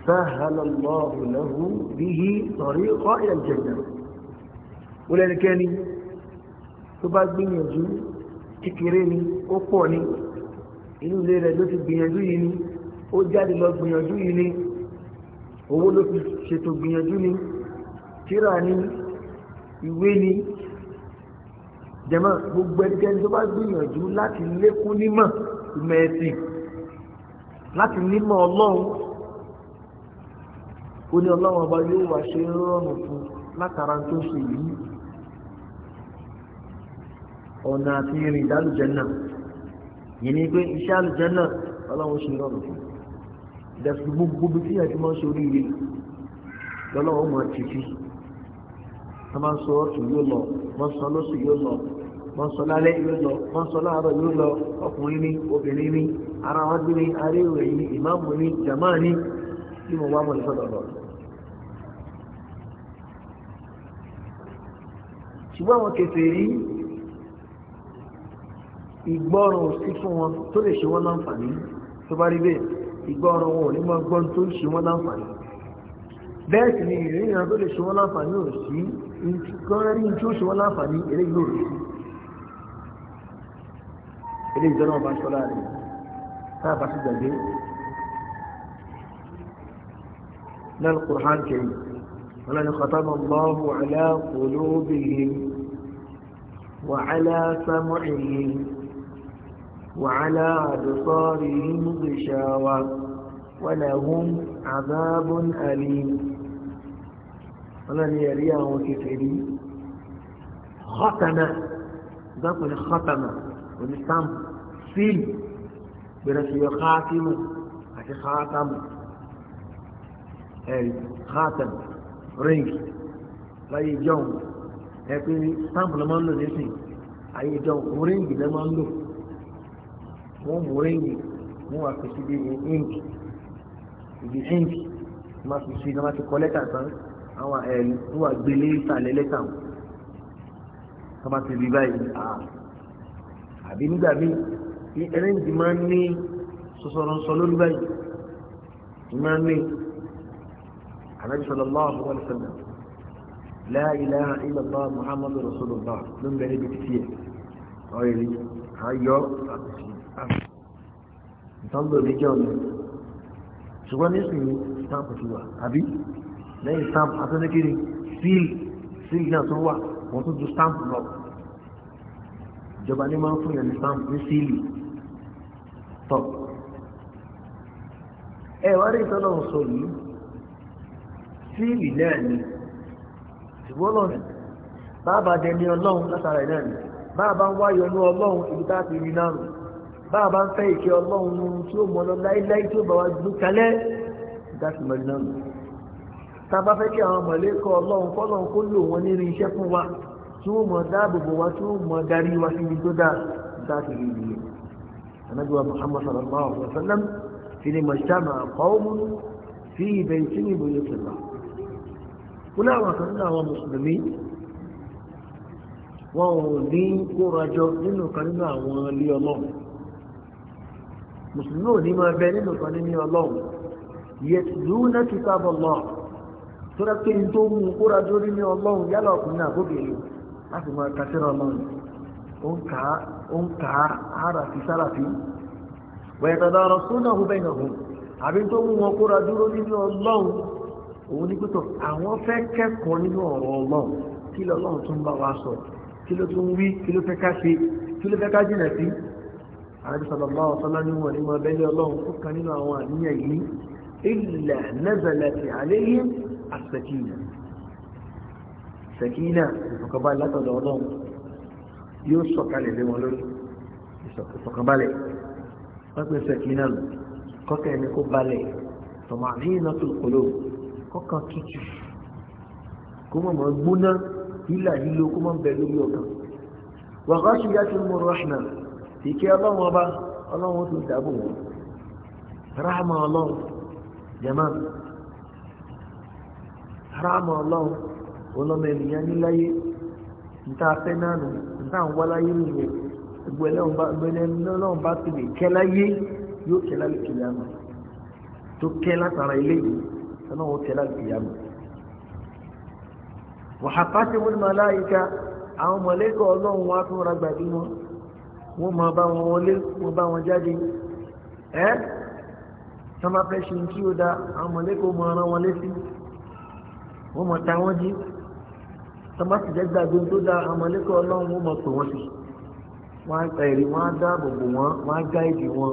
Speaker 1: سهل الله له به طريقا إلى الجنة ولذلك يعني tó bá gbìyànjú kékeré ni ó pọ̀ ni inú ilé rẹ̀ ló ti gbìyànjú yìí ni ó jáde lọ gbìyànjú yìí ni owó ló fi ṣètò gbìyànjú ni tíra ni ìwé ni jẹ̀mọ́ gbogbo ẹnikẹ́ni tó bá gbìyànjú láti lékún nímọ̀ ìmọ̀ láti nímọ̀ ọlọ́run ó ní ọlọ́run ọba yóò wá ṣe rọrùn fún látara tó ṣe yìí ọ̀nà àti ìrìn ìdálùjẹ́nà yìí ni pé iṣẹ́ àlùjẹ́nà ọlọ́run ṣe rọrùn fún ìdẹ̀sùn gbogbo bí tí ẹ̀jú máa ń ṣorí ire lọ́lọ́run máa ti fi a máa ń sọ ọ̀tún yóò lọ wọ́n sọ lọ́sùn yóò lọ wọ́n sọ lálẹ́ yóò lọ wọ́n sọ láàárọ̀ yóò lọ ọkùnrin ní obìnrin ní ara wọn bí ní aréwèrè ní ìmáàmù ní jàmáà ní tí mo wá mọ̀ ní sọ́dọ̀ lọ. ṣùgbọ́n àwọn kẹfẹ́ yìí ìgbọ́ràn sí fún wọn tó lè ṣe wọ́n láǹfààní tó bá rí bẹ́ẹ̀ ìgbọ́ràn wọn ò ní máa gbọ́n tó ṣe wọ́n láǹfààní bẹ́ẹ̀ sì ni ìrìnà tó lè ṣe wọ́n láǹfààní ò sí gọ́rẹ́rí tí ó ṣe wọ́n láǹfààní eléyìí ò rí sí eléyìí tó náà bá ṣọ́lá táà bá sì gbàgbé náà Al-Qur'an Karim wọn lọ́nà khatama Allahu ala qulubihim wa ala sam'ihim وعلى أبصارهم غشاوة ولهم عذاب أليم ولن يريه كفري ختم ذكر ختم ونسام سيل برسل خاتم أتي خاتم أي خاتم رينج أي جون هكذا سامبل ما نزل أي جون رينج ده ما wọ́n mú ẹ́yìn wọ́n wá fi síbi ink ibi ink wọ́n máa fi síbi wọ́n ti kọ́ lẹ́tà tán àwọn ẹ̀rí wọ́n wá gbélé ìsàlẹ̀ lẹ́tà wọn wọ́n máa fi rí báyìí àbí nígbà míì ẹlẹ́yìn máa ń ní sọ̀sọ̀rọ̀sọ lórí báyìí máa ń ní ànábì sallallahu alaihi wasallam la ilaha illallah muhammadu rasulullah ló ń bẹ níbi títí ẹ̀ ọ̀rẹ́ rí ayọ́ àti ìtàn lò ní jẹ́ ọ̀nà ṣùgbọ́n nísìnyí stamp ti wà àbí lẹ́yìn stamp atọ́nikiri seal seal náà tó wà wọ́n tún ju stamp lọ ìjọba ní máa ń fún yàn stamp ní síìlì tọ́ ẹ wá rí ìtọ́nà sọ yìí síìlì náà ni ṣùgbọ́n lọ́nà bàbá dẹni ọlọ́run látara ẹ̀ náà ni bàbá ń wáyọ̀ ní ọlọ́run ibi ti rí náà báwa bá ń fẹ́ ìkẹ́ ọlọ́run tí ó mọ́ lọ láíláí tí ó bá wa dúró kalẹ̀ dáàtì mọ̀lẹ́nà nù tá a bá fẹ́ kí àwọn mọ̀lẹ́kọ̀ ọlọ́run fọ́lọ́run kó lò wọ́n nínú iṣẹ́ fún wa tí ó mọ̀ dáàbòbò wa tí ó mọ̀ darí wa síbi tó dáa dáàtì rí ìlú anájú wa muhammad sallallahu alaihi wa sallam fi ni mọ̀ṣámà qawmun fi ibẹ̀ ìtìní ìbòye tìlá kó láwọn kan nínú àwọn mùsùlùmí wọn ò ní kóra jọ nínú kan nínú àwọn ilé ọlọ́run mùsùlùmí ò ní máa bẹ nínú kan ní ọlọ́run yatluna kitab Allah tó rẹ pé tó mú kóra dórí ní ọlọ́run yálà ọkùnrin àbóbìnrin láti máa kásìrò ọlọ́run ó ń kà á ara fi sára fi wa yatadarasunahu bainahum àbí tó mú wọn kóra dúró nínú ọlọ́run òun ní pẹ́tọ̀ àwọn fẹ́ kẹ́kọ̀ọ́ nínú ọ̀rọ̀ ọlọ́run kí lọ́lọ́run àdìsọ̀lọ́lá ọ̀tọ́lá ní wọn ní máa bẹ́lẹ̀ ọlọ́run fún kan nínú àwọn àníyàn yìí ilẹ̀ nẹ́zẹ̀lẹ̀tì àléyé àsẹ̀kìnà sẹ̀kìnà ìfọ̀kànbalẹ̀ látọ̀dọ̀ ọlọ́run yóò sọ̀kalẹ̀ lé wọn lórí ìfọ̀kànbalẹ̀ wọ́n pè sẹ̀kìnà nù kọ́kẹ́ ẹni kó balẹ̀ tọ̀mọ̀ àníyàn náà tó kòló kọ́kàn tútù kó mọ̀ mọ́ gbóná hílà hílo kó mọ̀ bẹ̀ lórí ọkàn wàhásù yá ti ìkẹ́ ọlọ́run ọba ọlọ́run tó dáàbò wọn ráàmà ọlọ́run jẹ̀mọ́ ráàmà ọlọ́run ọlọ́mọ ènìyàn níláyé níta fẹ́ náà nù níta ń wá láyé nìyẹn gbogbo ẹlẹ́wọ̀n bá ti lè kẹ́ láyé yóò kẹ́ láyé kìlá nù tó kẹ́ látara ilé yìí ọlọ́run kẹ́ láyé wàhálà àwọn wọ́n máa bá wọn wọlé wọ́n bá wọn jáde ẹ́ tí wọ́n bá fẹ́ ṣe kí ó da àwọn mọ̀lẹ́kọ̀ọ́ máa rán wọn létí wọ́n máa ta wọ́n jí tí wọ́n bá sì jẹ́ gbàgbé tó da àwọn mọ̀lẹ́kọ̀ọ́ ọlọ́run wọ́n máa pè wọ́n sí wọ́n á tẹ̀rí wọ́n á dáàbò bò wọ́n wọ́n á gáìdì wọn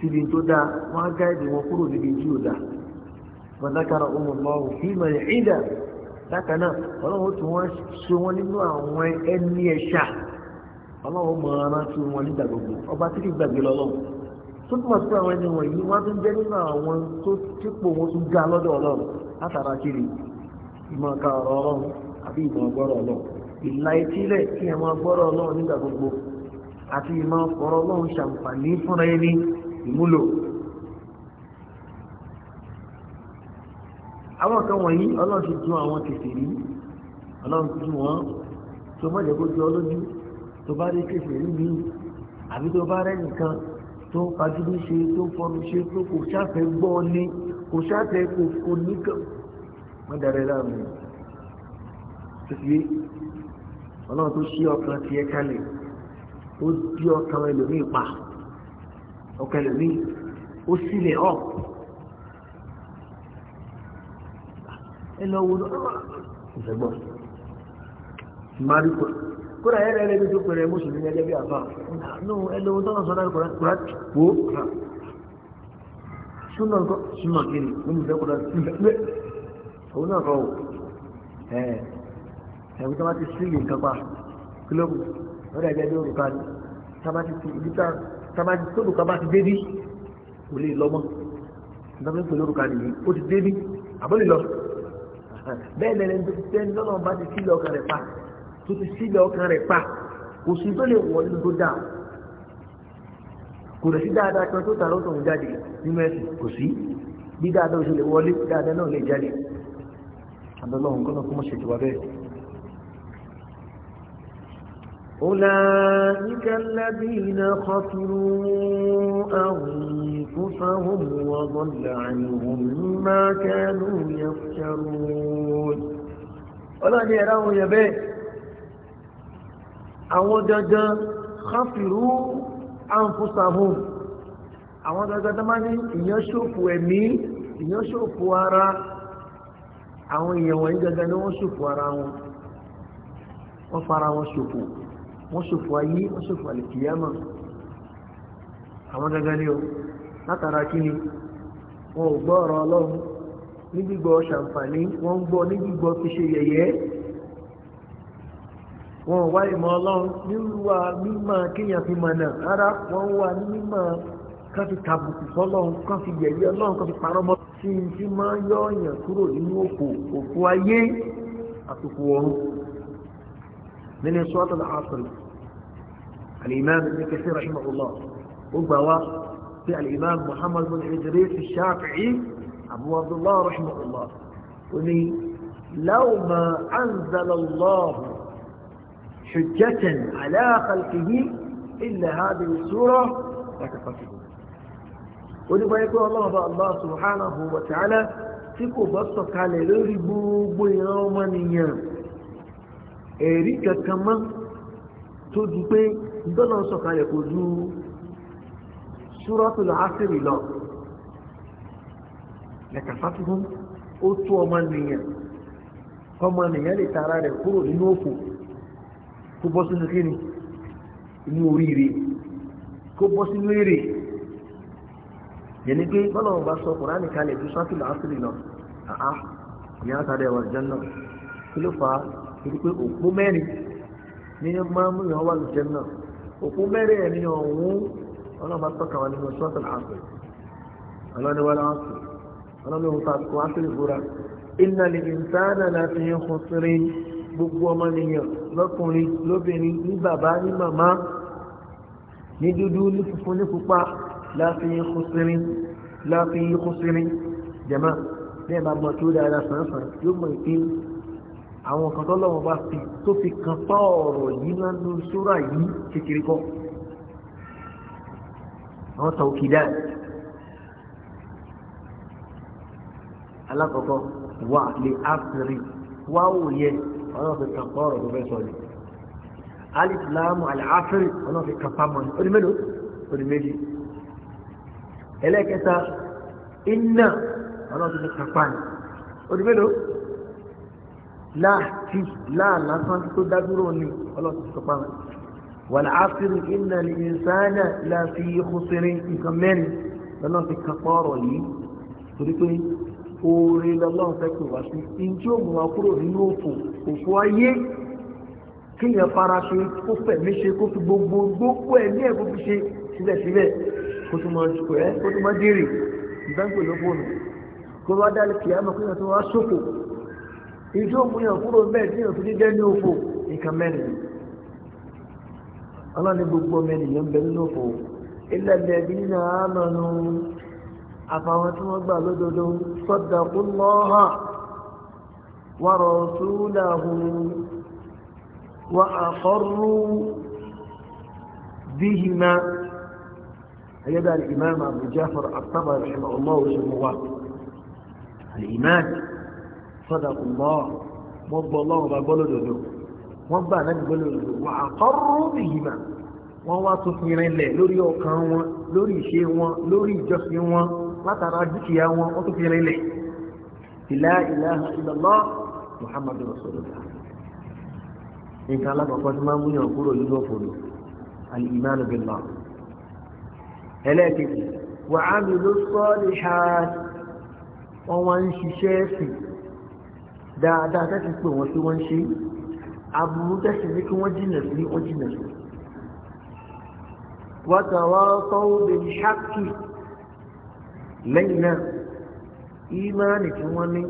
Speaker 1: síbi tó da wọ́n á gáìdì wọn kúrò níbi tí ó tún wọ́n ṣe wọn nínú ọlọ́run mọ aráńtí wọn nígbà gbogbo ọba tí kì í gbàgbé lọ́lọ́run tó túmọ̀ sí àwọn ẹni wọ̀nyí wọ́n tún jẹ́ nínú àwọn tó típò wọn tún ga lọ́dọ̀ ọlọ́run látara kiri ìmọ̀ ká ọ̀rọ̀ ọlọ́run àbí ìmọ̀ gbọ́rọ̀ ọlọ́run ìlà etílẹ̀ kí ẹ máa gbọ́rọ̀ ọlọ́run nígbà gbogbo àti ìmọ̀ ọ̀rọ̀ ọlọ́run ṣàǹfààní fúnra ẹni ìmúlò àwọn kan wọ̀nyí ọlọ́run ti dùn àwọn tètè rí ọlọ́run ti dùn wọn tó mọ̀jẹ̀ kó ju ọlójú tó bá rí kèfèrí mi àbí tó bá rẹ́ nìkan tó ń fagídí ṣe tó ń fọnu ṣe tó kò ṣàfẹ́ gbọ́ ni kò ṣàfẹ́ kò níkan wọ́n darẹ̀ láàmú títí ọlọ́run tó ṣí ọkàn tiẹ̀ kalẹ̀ ó dí ọkàn ẹlòmíì pa ọkàn ẹlòmíì ó sílẹ̀ ọ̀ ẹ lọ wo ló ń gbọ́ kódà yẹn lẹ́lẹ́bí tó pèrè mùsùlùmí ẹgbẹ́ bí àfà nù ẹlẹ́wọ̀n tó ń sọ náà kóra wò kóra súnà nǹkan súnà kiri mo nìfẹ́ kóra nìfẹ́ òun náà kọ́ ẹ ẹ̀wọ́n tó bá ti sí ìlú nǹkan pa kílọ̀bù wọ́n dàgbẹ́ bí òrùka ni tábàtì tó ibi tá tábàtì tó òrùka bá ti dé bí kò lè lọ́mọ́ nítorí pẹ̀lú òrùka nìyí ó ti dé tó ti sílẹ̀ ọkàn rẹ̀ pa kò sí tó lè wọ̀ nínú tó dáa kò lè sí dáadáa kan tó tààrọ̀ tó ń jáde nínú ẹ̀sìn kò sí bí dáadáa oṣù lè wọlé dáadáa náà lè jáde àdọ́lọ́hùn kọ́nà kó mọ̀ ṣètò wa bẹ́ẹ̀. أولئك الذين خسروا أنفسهم وضل عنهم ما كانوا يفترون ọlọ́ni ẹ̀ráwọn yẹ̀bẹ́ àwọn dandan káfìrú àǹfùsàhùn àwọn dandan tó máa ní ìyẹn ṣòfò ẹ̀mí ìyẹn ṣòfò ara àwọn èèyàn wọ̀nyí dandan ni wọ́n ṣòfò ara wọn wọ́n fara wọn ṣòfò wọ́n ṣòfò ayé wọ́n ṣòfò àlìkìyàmà àwọn dandan ni o látara kí ni wọn ò gbọ́ ọ̀rọ̀ ọlọ́run ní gbígbọ́ ṣàǹfààní wọ́n ń gbọ́ ní gbígbọ́ fi ṣe yẹ̀yẹ́ wọn wá ìmọ̀ ọlọ́run níwà mímọ̀ kíyàn fi mọ̀ náà rárá wọn wà ní mímọ̀ kan fi tàbùkù sọ́lọ́run kan fi yẹ̀yẹ́ ọlọ́run kan fi parọ́ mọ́ sí n ti máa ń yọ ọ̀yàn kúrò nínú òkò òkú ayé àtòkù ọ̀run nínú sọ́ọ́tà àfẹ́rẹ́ الإمام ní كثير رحمه الله وبوا في الإمام محمد بن إدريس الشافعي أبو عبد الله رحمه الله وني ó ní láwùmọ̀ الله حجة على خلقه إلا هذه السورة وتفكه ولما يقول الله بقى الله سبحانه وتعالى تكو بصك على الربوب يوم نيام إريكا كما تدوبي دون صك على كذو سورة العصر لا لكفتهم أتوى من نيام فما نيام لترى لكورو kó bọ́ sínú kíni inú oríire kó bọ́ sínú èrè yẹni pé bọ́lá wọn bá sọ kùránì kalẹ̀ ju sátìlù ásìlì lọ àá ìyá àtàdé ẹ̀wà jẹ́nà kí ló fà á torí pé òpó mẹ́rin ní máa mú ìyàn wà lù jẹ́nà òpó mẹ́rin ẹ̀ ní ọ̀hún ọlọ́run bá tọ́ka wọn nínú sátìlù ásìlì ọlọ́run wà láàásì ọlọ́run wọn fà kó ásìlì búra ìnàlẹ̀ ìnsáná láti yẹn kó sírin gbogbo ọmọnìyàn lọ́kùnrin lóbìnrin ní bàbá ní màmá ní dúdú ní funfun ní pupa láàfin kùsìrín láàfin kùsìrín jẹ̀mọ́ bẹ́ẹ̀ bá mọ̀ tó dáadáa sàn-sàn yóò mọ̀ pé àwọn kan tọ́lọ́wọ́n bá fi tó fi kan tọ́ ọ̀rọ̀ yìí lánàá sóra yìí kékeré kọ́ àwọn tàwùkìdá alákọ̀ọ́kọ́ Wa le áfírí wá òye ọlọ́run fi kàn pọ́ ọ̀rọ̀ tó fẹ́ sọ yìí alifilamu aliafiri ọlọ́run fi kàn pamọ́ ní orí mélòó orí méjì ẹlẹ́kẹta iná ọlọ́run fi kàn pamọ́ orí mélòó láti láàlásán tó dádúró ní ọlọ́run fi kàn pamọ́ wàlàáfíìrì iná ní ìsáná láti yíkú nǹkan mẹ́rin ọlọ́run fi kàn pọ́ ọ̀rọ̀ yìí torí oore lọ́lọ́run fẹ́ pè wá sí in tí ó mú wa kúrò nínú fara ṣe kó ṣe kó fi gbogbo gbogbo ẹ̀ ní ẹ̀kọ́ fi ṣe sílẹ̀sílẹ̀ kó tó máa ṣùkọ̀ ẹ́ kó tó máa dèrè ìbáǹkì ló fóònù kó wá dálé kìámà kíyàn tó wá ṣòfò in tí mú yàn kúrò bẹ́ẹ̀ tí yàn fi ní òfò nǹkan mẹ́rin ọlọ́ni gbogbo mẹ́rin àfàwọn tí wọ́n gbà lódodo sadaqullaha wa rasulahu wa aqarru bihima ayada al-imam abu jafar at-tabari rahimahullah ṣe mọ́ wa al-iman sadaqullah wọ́n gbọ́ ọlọ́run bá gbọ́ lódodo wọ́n wá tó fi rinlẹ̀ lórí ọkàn wọn lórí ìṣe wọn lórí ìjọsìn wọn látara dúkìá wọn ó tó fi rinlẹ̀ ìlà ilaha illallah muhammadu rasulullah nǹkan alákọ̀ọ́kọ́ tí máa ń múyàn kúrò nínú òfòdò al-imanu billah ẹlẹ́ẹ̀kejì wà á mi ló sọ lè ṣá wọn wá ń ṣiṣẹ́ ẹ̀sìn dáadáa tẹ́sí pé wọ́n tí wọ́n ṣe aburú tẹ́sí ní kí wọ́n jìnà sí wọ́n jìnà sí wọ́n tàwọn tọ́wọ́ bèèrè ṣáàkì lẹ́yìn náà ìmánì tí wọ́n ní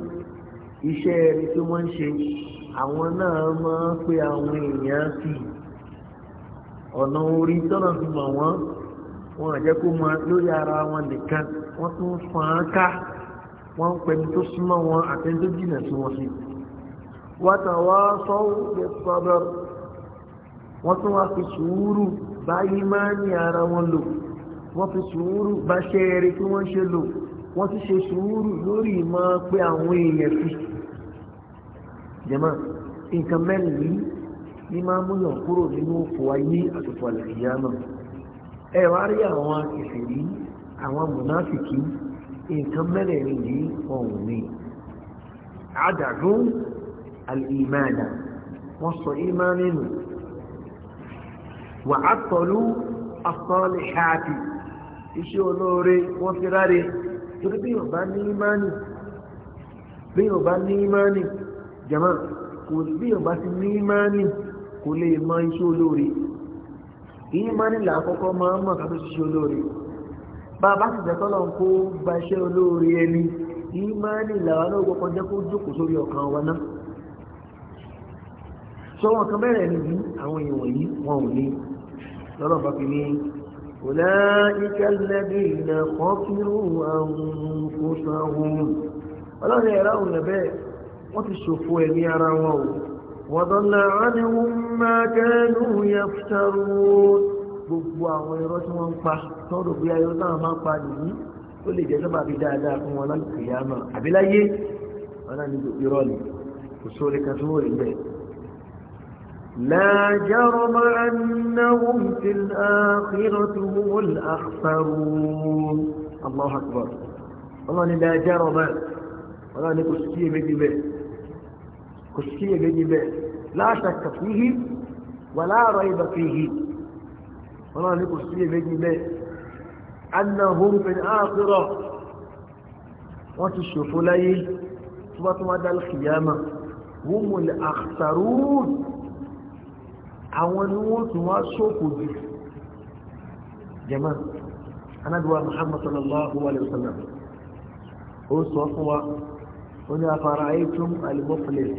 Speaker 1: iṣẹ́ ẹni tí wọ́n ń ṣe àwọn náà máa ń pe àwọn èèyàn sí ọ̀nà orí tọ́nà fi mọ̀ wọ́n wọn àjẹ́ kó mọ lórí ara wọn nìkan wọ́n tún fọ́n án ká wọ́n ń pẹ̀lú tó súnmọ́ wọn àti tó jìnà sí wọn sí wátàwá sọ́wọ́ lè sọ́dọ̀ wọ́n tún wá fi sùúrù báyìí máa ń ní ara wọn lò wọ́n fi sùúrù bá ṣe eré tí wọ́n ṣe lò wọ́n ti ṣe sùúrù lórí ìmọ̀ pé àwọn èèyàn fi jẹ́mọ́ nǹkan mẹ́rin yìí ní máa mú yàn kúrò nínú òfò ayé àtòfò àlàyé náà ẹ wá rí àwọn ìfèrí àwọn mùnáfìkì nǹkan mẹ́rin yìí ọ̀hún ni àdàdún alìmáàdà wọ́n sọ ìmáà nínú wàá tọ́lú asọ́lẹ̀ ṣáàtì iṣẹ́ olóore wọ́n fi ráre torí bí yóò bá ní ìmánì bí yóò bá ní ìmánì jama kò bí yóò bá ti ní ìmánì kò lè mọ iṣẹ́ olóore ìmánì là àkọ́kọ́ máa ń mọ̀ ká tó ṣiṣẹ́ olóore bá a bá sì jẹ́kọ́ lọ́n kó gba iṣẹ́ olóore ẹni ìmánì làwọn náà gbọ́kọ́ jẹ́ kó jókòó sórí ọkàn wa náà sọ wọn kan bẹ̀rẹ̀ nìyí àwọn èèyàn wọ̀nyí wọn ò ní lọ́rọ̀ bá fi ní أولئك الذين خسروا أنفسهم ولا ẹ̀rọ àwọn ẹ̀bẹ́ wọ́n ti ṣòfò ẹ̀mí ara wọn o wọ́n dọ́là ánìwọ̀n máa kẹ́lú yẹ fútarú gbogbo àwọn ẹ̀rọ tí wọ́n ń pa tọ́rọ bí ayọ́ náà máa pa nìyí ó lè jẹ́ sábà bí dáadáa fún wọn láti kìyàmà àbíláyé wọn náà ní irọ́ kò sóore kan tó wọ̀ ẹ̀gbẹ́ لا جرم أنهم في الآخرة هم الأخسرون الله أكبر الله لا جرم الله نكسكي مجبه كسكي مجبه لا شك فيه ولا ريب فيه الله نكسكي مجبه أنهم في الآخرة وتشوفوا ليه ثم تمدى القيامة هم الأخسرون àwọn ni wọ́n tún wá ṣòfò jù jẹ́mọ́ anábíwá muhammad sallallahu alayhi wa sallam ó sọ fún wa ó ní afárá ayétún alimọ́fúlẹ̀s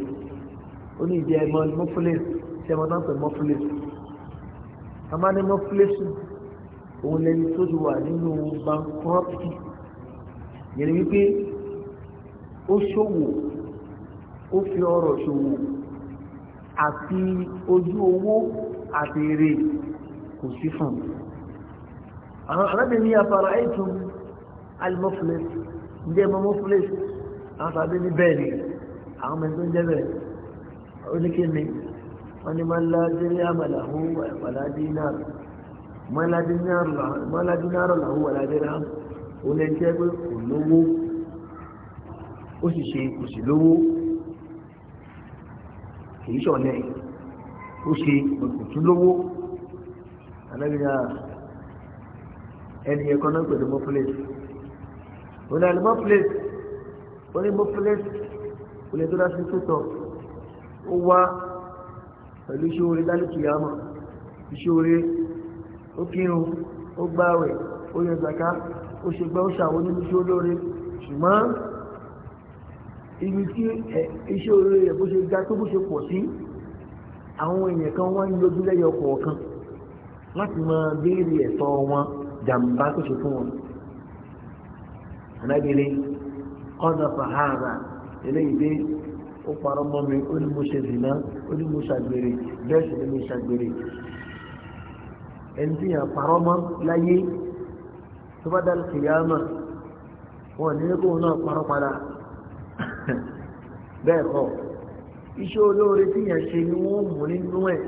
Speaker 1: ó ní ìdí ẹ̀mọ́ alimọ́fúlẹ̀s tí ẹ̀mọ́ náà pẹ̀ mọ́fúlẹ̀s a máa ní mọ́fúlẹ̀s òun lẹ́ni tó ti wà nínú bankruptcy yẹn wípé ó ṣòwò ó fi ọrọ̀ ṣòwò àti ojú owó àti èrè kò sí fún àwọn arábìnrin ní afárá ẹ̀tún alimọ́fúlẹ̀ ǹjẹ́ ẹ̀mọ́ mọ́fúlẹ̀ àwọn tàbí ní bẹ́ẹ̀ ni àwọn ọmọ ẹgbẹ́ ń jẹ́ bẹ́ẹ̀ oníkéni wọ́n ni mọ́ládínárò làwọn wàládínárò ó lẹ́jẹ́ pé kò lówó ó sì ṣe kò sí lówó kìí ṣọ̀lẹ ó ṣe òtún lówó alábìyà ẹni ẹ̀kọ́ náà pẹ̀lú mọ́fúlẹ́sì òun àlè mọ́fúlẹ́sì ó ní mọ́fúlẹ́sì kò lè tó dá sí sótọ̀ ó wá pẹ̀lú iṣẹ́ orí lálùkì àmọ́ iṣẹ́ orí ó kírun ó gbáwẹ̀ ó yọ zaka ó ṣe gbẹ́ ó ṣàwọn oníṣẹ́ olóore ṣùgbọ́n ibi tí iṣẹ́ orí rẹ̀ bó ṣe ga tó bó ṣe pọ̀ sí àwọn èèyàn kan wọ́n ń lójú lẹ́yọ kọ̀ọ̀kan láti máa béèrè ẹ̀tọ́ wọn jàǹbá tó ṣe fún wọn. ànágbélé ọ̀nà fàhárà eléyìí dé ó parọ́ mọ́ mi ó ní mo ṣe dìná ó ní mo ṣàgbèrè bẹ́ẹ̀ sì ni mo ṣàgbèrè. ẹni tí yàn parọ́ mọ́ láyé tó bá dá kìyàmà wọn ní kó náà parọ́ padà. *laughs* bẹ́ẹ̀ kọ́ iṣẹ́ olóore tí yẹn ṣe ni wọ́n mú nínú ẹ̀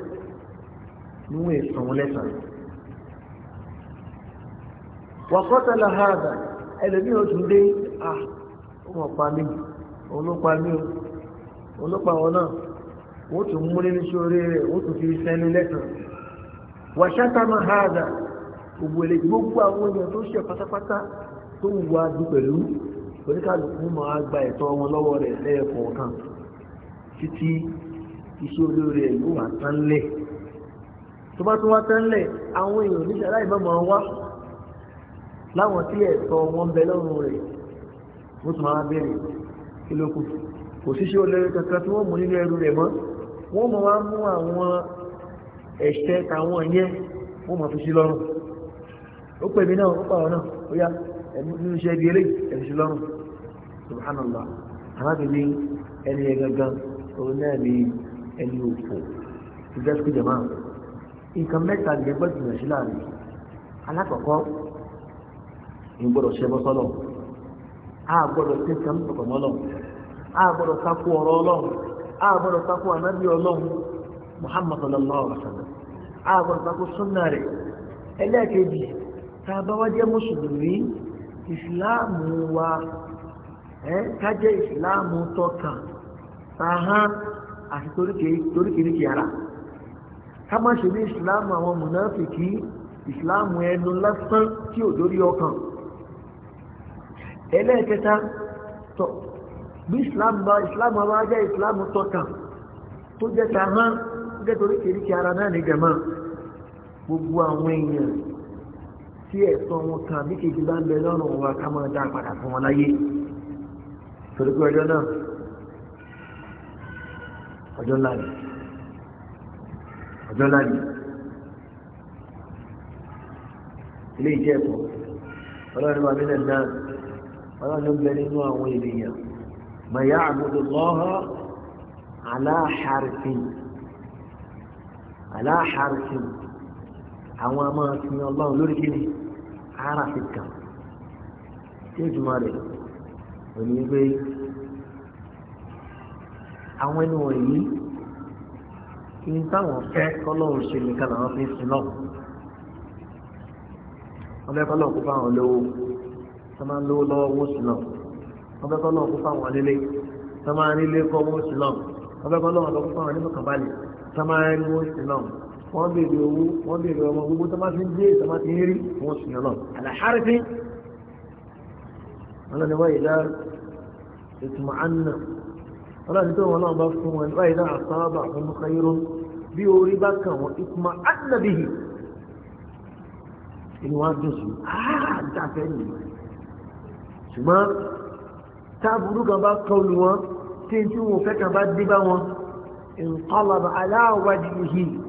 Speaker 1: nínú ìsàn lẹ́sàn. wàkọ́tàlá hàdà ẹlẹ́mí ò tún dé à ó mọ̀ pa mí òun ló pa mí o òun ló pa wọn náà ó tún mú nínú iṣẹ́ orí rẹ̀ ó tún fi sẹ́ni lẹ́sàn. wàṣátàmá hàdà òwòlè gbogbo àwọn èèyàn tó ṣe pátápátá tó wù wá dùn pẹ̀lú oníkàlùkù máa gba ẹ̀tọ́ wọn lọ́wọ́ rẹ̀ lẹ́ẹ̀kọ̀ọ̀kan títí iṣẹ́ olóore ẹ̀ yóò wà tán lẹ̀ tó bá tún wá tán lẹ̀ àwọn èèyàn níṣẹ́ aláìmọ́ máa wá láwọn tí ẹ̀tọ́ wọn bẹ lọ́rùn rẹ̀ wọ́n tún máa bẹ̀rẹ̀ kí ló kù kò síṣẹ́ olóore kankan tí wọ́n mú nínú ẹrù rẹ̀ mọ́ wọ́n mọ̀ wá mú àwọn ẹ̀ṣẹ̀ tàwọn yẹn wọ́n mọ̀ fi sí lọ́rùn ó pè mí náà ó pààrọ̀ náà ó yá nínú iṣẹ́ ibi eré ẹ̀fíṣẹ́ lọ́rùn subhanallah arábìnrin ẹni yẹn gangan òun náà ni ẹni òfò ìjẹ́sùkú jẹ̀má nǹkan mẹ́ta lè gbọ́dọ̀ jìnnà sí láàrin alákọ̀ọ́kọ́ ń gbọ́dọ̀ ṣe bọ́ sọ́lọ̀ a gbọ́dọ̀ ṣe kàn pọ̀pọ̀ mọ́ lọ́wọ́ a gbọ́dọ̀ takú ọ̀rọ̀ ọlọ́run a gbọ́dọ̀ takú ànábì ọlọ́run muhammad sallallahu alaihi wa sallam a gbọ́dọ̀ takú sunna rẹ̀ ẹlẹ́ẹ̀kejì tá ìsìláàmù wa ẹ kájẹ́ ìsìláàmù tọkàn ahán àti toríkèéríkèé ara ká má ṣe ní ìsìláàmù àwọn mùnáfìkì ìsìláàmù ẹnu lásán tí ò dórí ọkàn ẹlẹ́ẹ̀kẹta tọ bí ìsìláàmù bá ìsìláàmù bá jẹ́ ìsìláàmù tọkàn tó jẹ́ tàhán tó jẹ́ toríkèéríkèé ara náà ní gẹ̀mọ́ gbogbo àwọn èèyàn tí ẹ̀sọ́ wọn kan àbí kejì bá ń bẹ lọ́rùn wa ká máa dá padà fún wọn láyé torí pé ọjọ́ náà ọjọ́ ńlá ni ọjọ́ ńlá ni ilé ìjẹ́ ẹ̀kọ́ ọlọ́run wa nílẹ̀ náà ọlọ́run ló ń bẹ nínú àwọn ènìyàn mọ̀yá àbúrò lọ́họ́ aláhàrìfín aláhàrìfín àwọn a máa ọlọ́run lórí kíni ara fi kàn tí ìjùmọ̀ rẹ̀ òní pé àwọn ẹni wọ̀nyí kí n táwọn fẹ́ kọ́lọ́run ṣe nìkan làwọn fi ń sin náà wọ́n fẹ́ kọ́lọ́run kó fáwọn lówó wọ́n máa ń lówó lọ́wọ́ owó sí náà wọ́n fẹ́ kọ́lọ́run kó fáwọn nílé wọ́n máa ń nílé kọ́ owó sí náà wọ́n fẹ́ kọ́lọ́run kó fáwọn nílé kàbálẹ̀ máa ń rí owó sí náà wọ́n béèrè owó wọ́n béèrè ọmọ gbogbo tó máa fi ń dé tó máa ti ń rí wọ́n sùn yàn náà àlàáfíà wọn lọ ní wáyé dá ìtumọ̀ àná wọn lọ ní tó wọn náà bá fún wọn wáyé dá àsáábà fún káyọrọ bí orí bá kàn wọn ìtumọ̀ àná bìyì inú wa dùn sí àádáfẹ́ nìyí ṣùgbọ́n táàbùrú kan bá kọlu wọn tí n tí wọn fẹ́ kan bá dé bá wọn ìǹkọ́lọ̀ aláwọ̀ wájú yìí.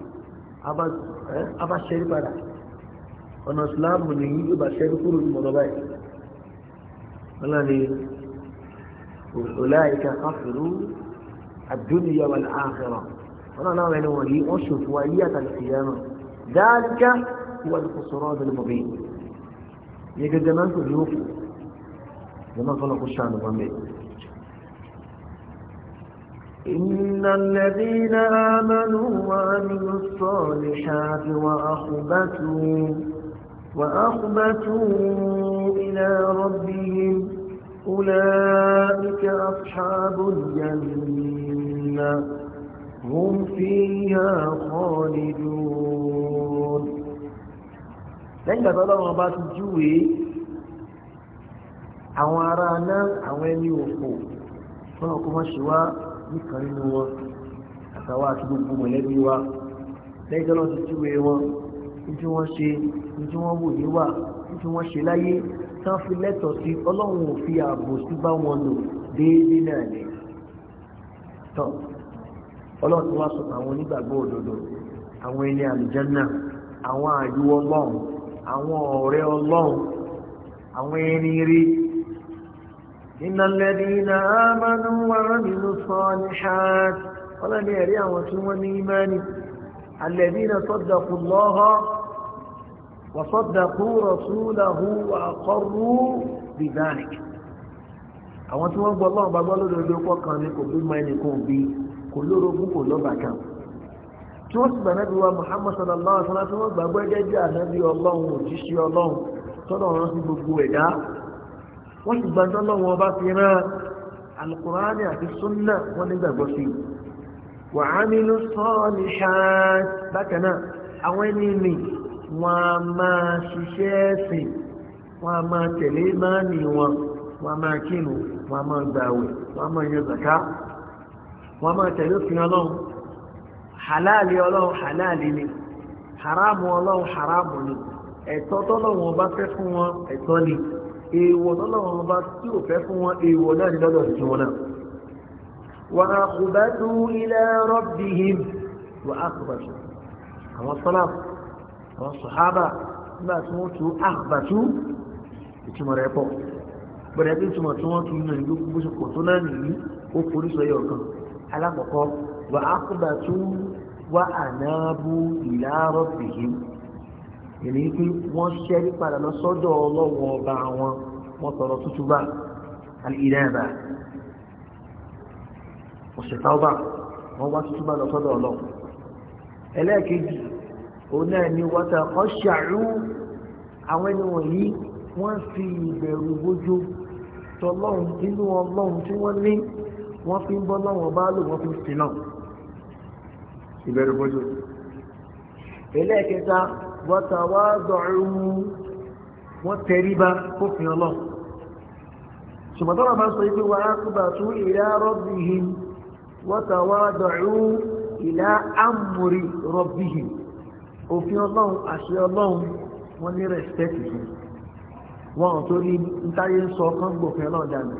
Speaker 1: a bá ṣẹ́rí padà ọ̀nà ìsìláàmù ní yóò bá ṣẹ́rí kúrò ní mọ̀lọ́bá yìí wọ́n ní ọ̀láìka káfìrú àdúnyà wà láàkàrà wọ́n náà wẹ́n wọ̀n yìí wọ́n ṣòfò ayé àtàlùfìyàmù dáríkà wà ní kòsòrò ọ̀dọ̀ mọ̀bí yẹ gẹ́gẹ́ náà tó ní òkú jẹ́ máa fọ́nà kó ṣàánú wọn bẹ́ẹ̀ إن الذين آمنوا وعملوا الصالحات وأخبتوا وأخبتوا إلى ربهم أولئك أصحاب الجنة هم فيها خالدون لأن الله بات الجوي أو ará náà àwọn ẹni òfò nìkan nínú wọn àtàwọn àti gbogbo mọ̀lẹ́bí wa lẹ́yìn tó lọ́n ti túwé wọn ní tí wọ́n ṣe ní tí wọ́n wò níwà ní tí wọ́n ṣe láyé tán fi lẹ́tọ̀ọ́ sí ọlọ́run ò fi ààbò sí bá wọn lò déédéé náà ni tọ́ ọlọ́run tó wá sọ àwọn onígbàgbọ́ òdodo àwọn ilé àlùjànnà àwọn àyù ọlọ́run àwọn ọ̀rẹ́ ọlọ́run àwọn ẹni rí إن الذين آمنوا وعملوا الصالحات قال لي أريا وسوى الذين صدقوا الله وصدقوا رسوله وأقروا بذلك àwọn tí wọ́n gbọ́ ọlọ́run bá gbọ́ lódodo pọ̀ kan ní kò bí mọ ẹnì kan bí kò lórogún kò lọ́ba kan tí wọ́n sì gbà náà bí wa Muhammad sallallahu alaihi wa sallam tí wọ́n gbàgbọ́ ẹgẹ́ bí ànábì ọlọ́run òjíṣẹ́ ọlọ́run tọ́lọ́run sí gbogbo ẹ̀dá wọ́n ti gbàgbọ́ lọ́wọ́ ọba fi rán alukurani àti sunna wọ́n nígbàgbọ́ sí i wà á nínú sọ́ọ̀nì ṣáá bákan náà àwọn ẹni mi wọ́n á máa ṣiṣẹ́ ẹ̀sìn wọ́n á máa tẹ̀lé mánì wọn wọ́n á máa kírun wọ́n á máa gbàwẹ̀ wọ́n á máa yan zàká wọ́n á máa tẹ̀lé òfin ọlọ́run halali ọlọ́run halali ni haramu ọlọ́run haramu ni ẹ̀tọ́ tọ́lọ́run ọba fẹ́ fún wọn ẹ̀tọ́ ni èèwọ̀ lọ́lọ́wọ́n ọba tí ò fẹ́ fún wọn èèwọ̀ náà ní lọ́dọ̀ sí wọn náà wà á kò bá tú ila rabbihim wà á kò bá tú àwọn sọ́lá àwọn sọ̀hábà nígbà tí wọ́n tú àgbàtú ìtumọ̀ rẹ̀ pọ̀ bẹ̀rẹ̀ bí ìtumọ̀ tí wọ́n tú náà ní gbogbo ṣe pọ̀ tó náà nìyí ó forí sọ yọ kan alákọ̀ọ́kọ́ wà á kò bá tú wà á náà bú ila rabbihim ìní pé wọ́n ṣẹ́rí padà lọ sọ́dọ̀ ọlọ́wọ́ ọba wọn wọ́n tọrọ tútù bá al-inaba òṣèta ọba wọ́n wá tútù bá lọ sọ́dọ̀ ọlọ́wọ́ ẹlẹ́ẹ̀kejì òun náà ni wọ́tà ọ̀ṣàrú àwọn ẹni wọ̀nyí wọ́n fi ìbẹ̀rù bójú tọlọ́run inú ọlọ́run tí wọ́n ní wọ́n fi ń bọ́ lọ́wọ́ bá lò wọ́n fi ń sin náà ìbẹ̀rù bójú ẹlẹ́ẹ̀kẹta wàtàwádọ̀rù wọ́n tẹríba fófin ọlọ́run ṣùgbọ́n tọ́lá máa ń sọ ibi wa ákúbà tún ìlà rọ́bìhìn wàtàwádọ̀rù ìlà ámùrì rọ́bìhìn òfin ọlọ́run àṣẹ ọlọ́run wọ́n ní rẹ̀spẹ̀tì fún wọn ò tó ní ntáyé ń sọ kán gbòfin ọlọ́run dànù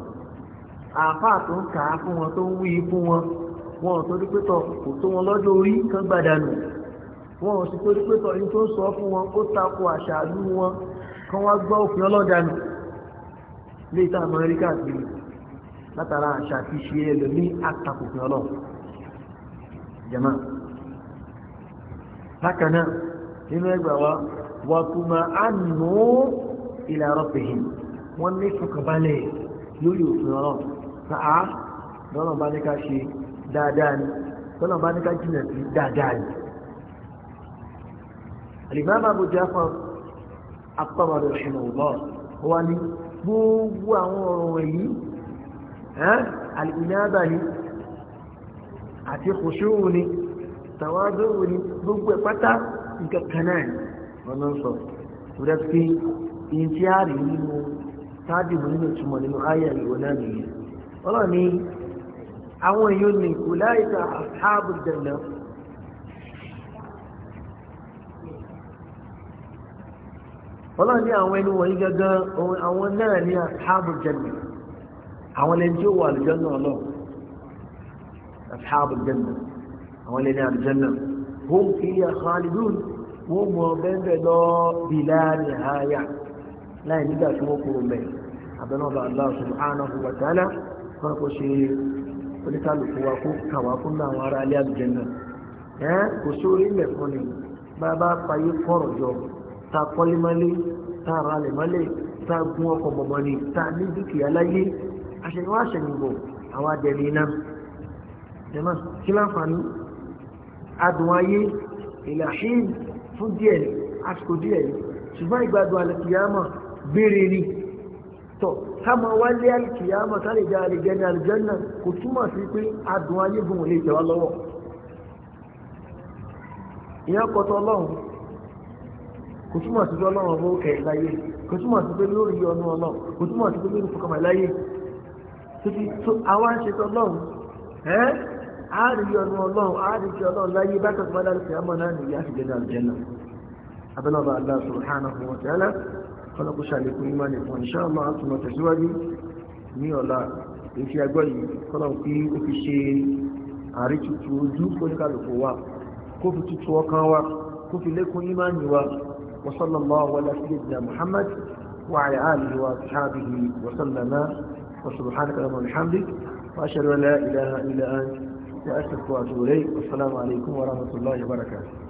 Speaker 1: àáfàá tó ń kà fún wọn tó ń wí fún wọn wọn tó ní pé kò tó wọn lọ́jọ́ orí kán gbàdánù wọn ò sì torí pé tọ̀yìn tó ń sọ fún wọn ó tako àṣàlú wọn kán wá gbọ́ òfin ọlọ́dàánù lè ta amẹ́ríkà kiri látara àṣà ti ṣe ẹlòmí àtakòfin ọlọ́run jama bákan náà nínú ẹgbàá wa wàtúmọ̀ àánú ìlà rọ̀pẹ̀hìn wọ́n ní fọkànbalẹ̀ lórí òfin ọlọ́run sáà lọ́nà bá ní ká ṣe dáadáa ni lọ́nà bá ní ká jìnà sí dáadáa ni alimami abu جعفر akpọmọdé ṣẹlẹwọlọ wà ní gbogbo àwọn ọ̀rọ̀ wọ̀nyí alìnàbà ni àti kòṣòwò ni tàwádọ́wò ni gbogbo ẹ̀ pátá nǹkan kan náà ọ̀nà sọ rẹ̀ pé ìyẹn tí a rí nínú táàdì mú nínú túmọ̀ nínú ayé ìwọ náà ọlọ́run ní àwọn ẹni wọ̀nyí gangan àwọn náà ní ashabul janna àwọn ẹni tí ó wà àlùjànnà ọlọ́run ashabul janna àwọn ẹni àlùjànnà hum fiha khalidun wọ́n mọ bẹ́ẹ̀ lọ bila nihaya láì nígbà tí wọ́n kúrò mẹ́ àbẹ̀nàbà Allah subhanahu wa ta'ala wọn kò ṣe oníkàlùkù wa kó kàwá fún àwọn ará alẹ́ àlùjànnà ẹ́ kò sórí ilẹ̀ fún ni bá bá payé kọ̀rọ̀ jọ ta kọ́lé mọ́lé ta ra lẹ̀ mọ́lé ta gun ọkọ̀ bọ̀bọ̀ ni ta ní dúkìá láyé àṣẹyìnwá àṣẹyìnbọ̀ àwọn adẹ̀rẹ̀ iná jẹ́mọ́ kí láǹfààní adùn ayé ìlàṣín fún díẹ̀ àsìkò díẹ̀ ṣùgbọ́n ìgbádùn alìkìyàmà gbére ni tọ̀ káma wálé alìkìyàmà sálẹ̀dá àlìjẹ́ni àlìjẹ́nà kò túmọ̀ sí pé adùn ayé gùn lè tẹ̀wá lọ́wọ́ ìyá kọ́tọ́ ọlọ́run kò túmọ̀ sí pé ọlọ́run ọba ó kẹ̀ láyé kò túmọ̀ sí pé lórí ọ̀nà ọlọ́run kò túmọ̀ sí pé lórí fọkànmọ́ láyé tóbi tó àwa ń ṣe tọ́lọ́run ẹ́ á rí ọ̀nà ọlọ́run á rí ṣe ọlọ́run láyé bákan tó bá dára sí àmọ́ náà nìyá sì jẹ́ dàrú jẹ́nà abẹ́lọ́ba Allah subhanahu wa ta'ala fọlọ́kù ṣàlékún ìmọ̀ nìkan insha Allah àtúmọ̀ tẹ̀síwájú ní ọ̀la èsì àgbọ̀ yìí kọ́lọ́n kí ó fi ṣe àrítutu ojú fóníkàlùkù wa kó fi tutù ọkàn wa kó fi lékún ìmọ̀ nìwa وصلى الله على سيدنا محمد وعلى آله وأصحابه وسلم وسبحانك اللهم وبحمدك وأشهد أن لا إله إلا أنت وأستغفرك وأتوب إليك والسلام عليكم ورحمة الله وبركاته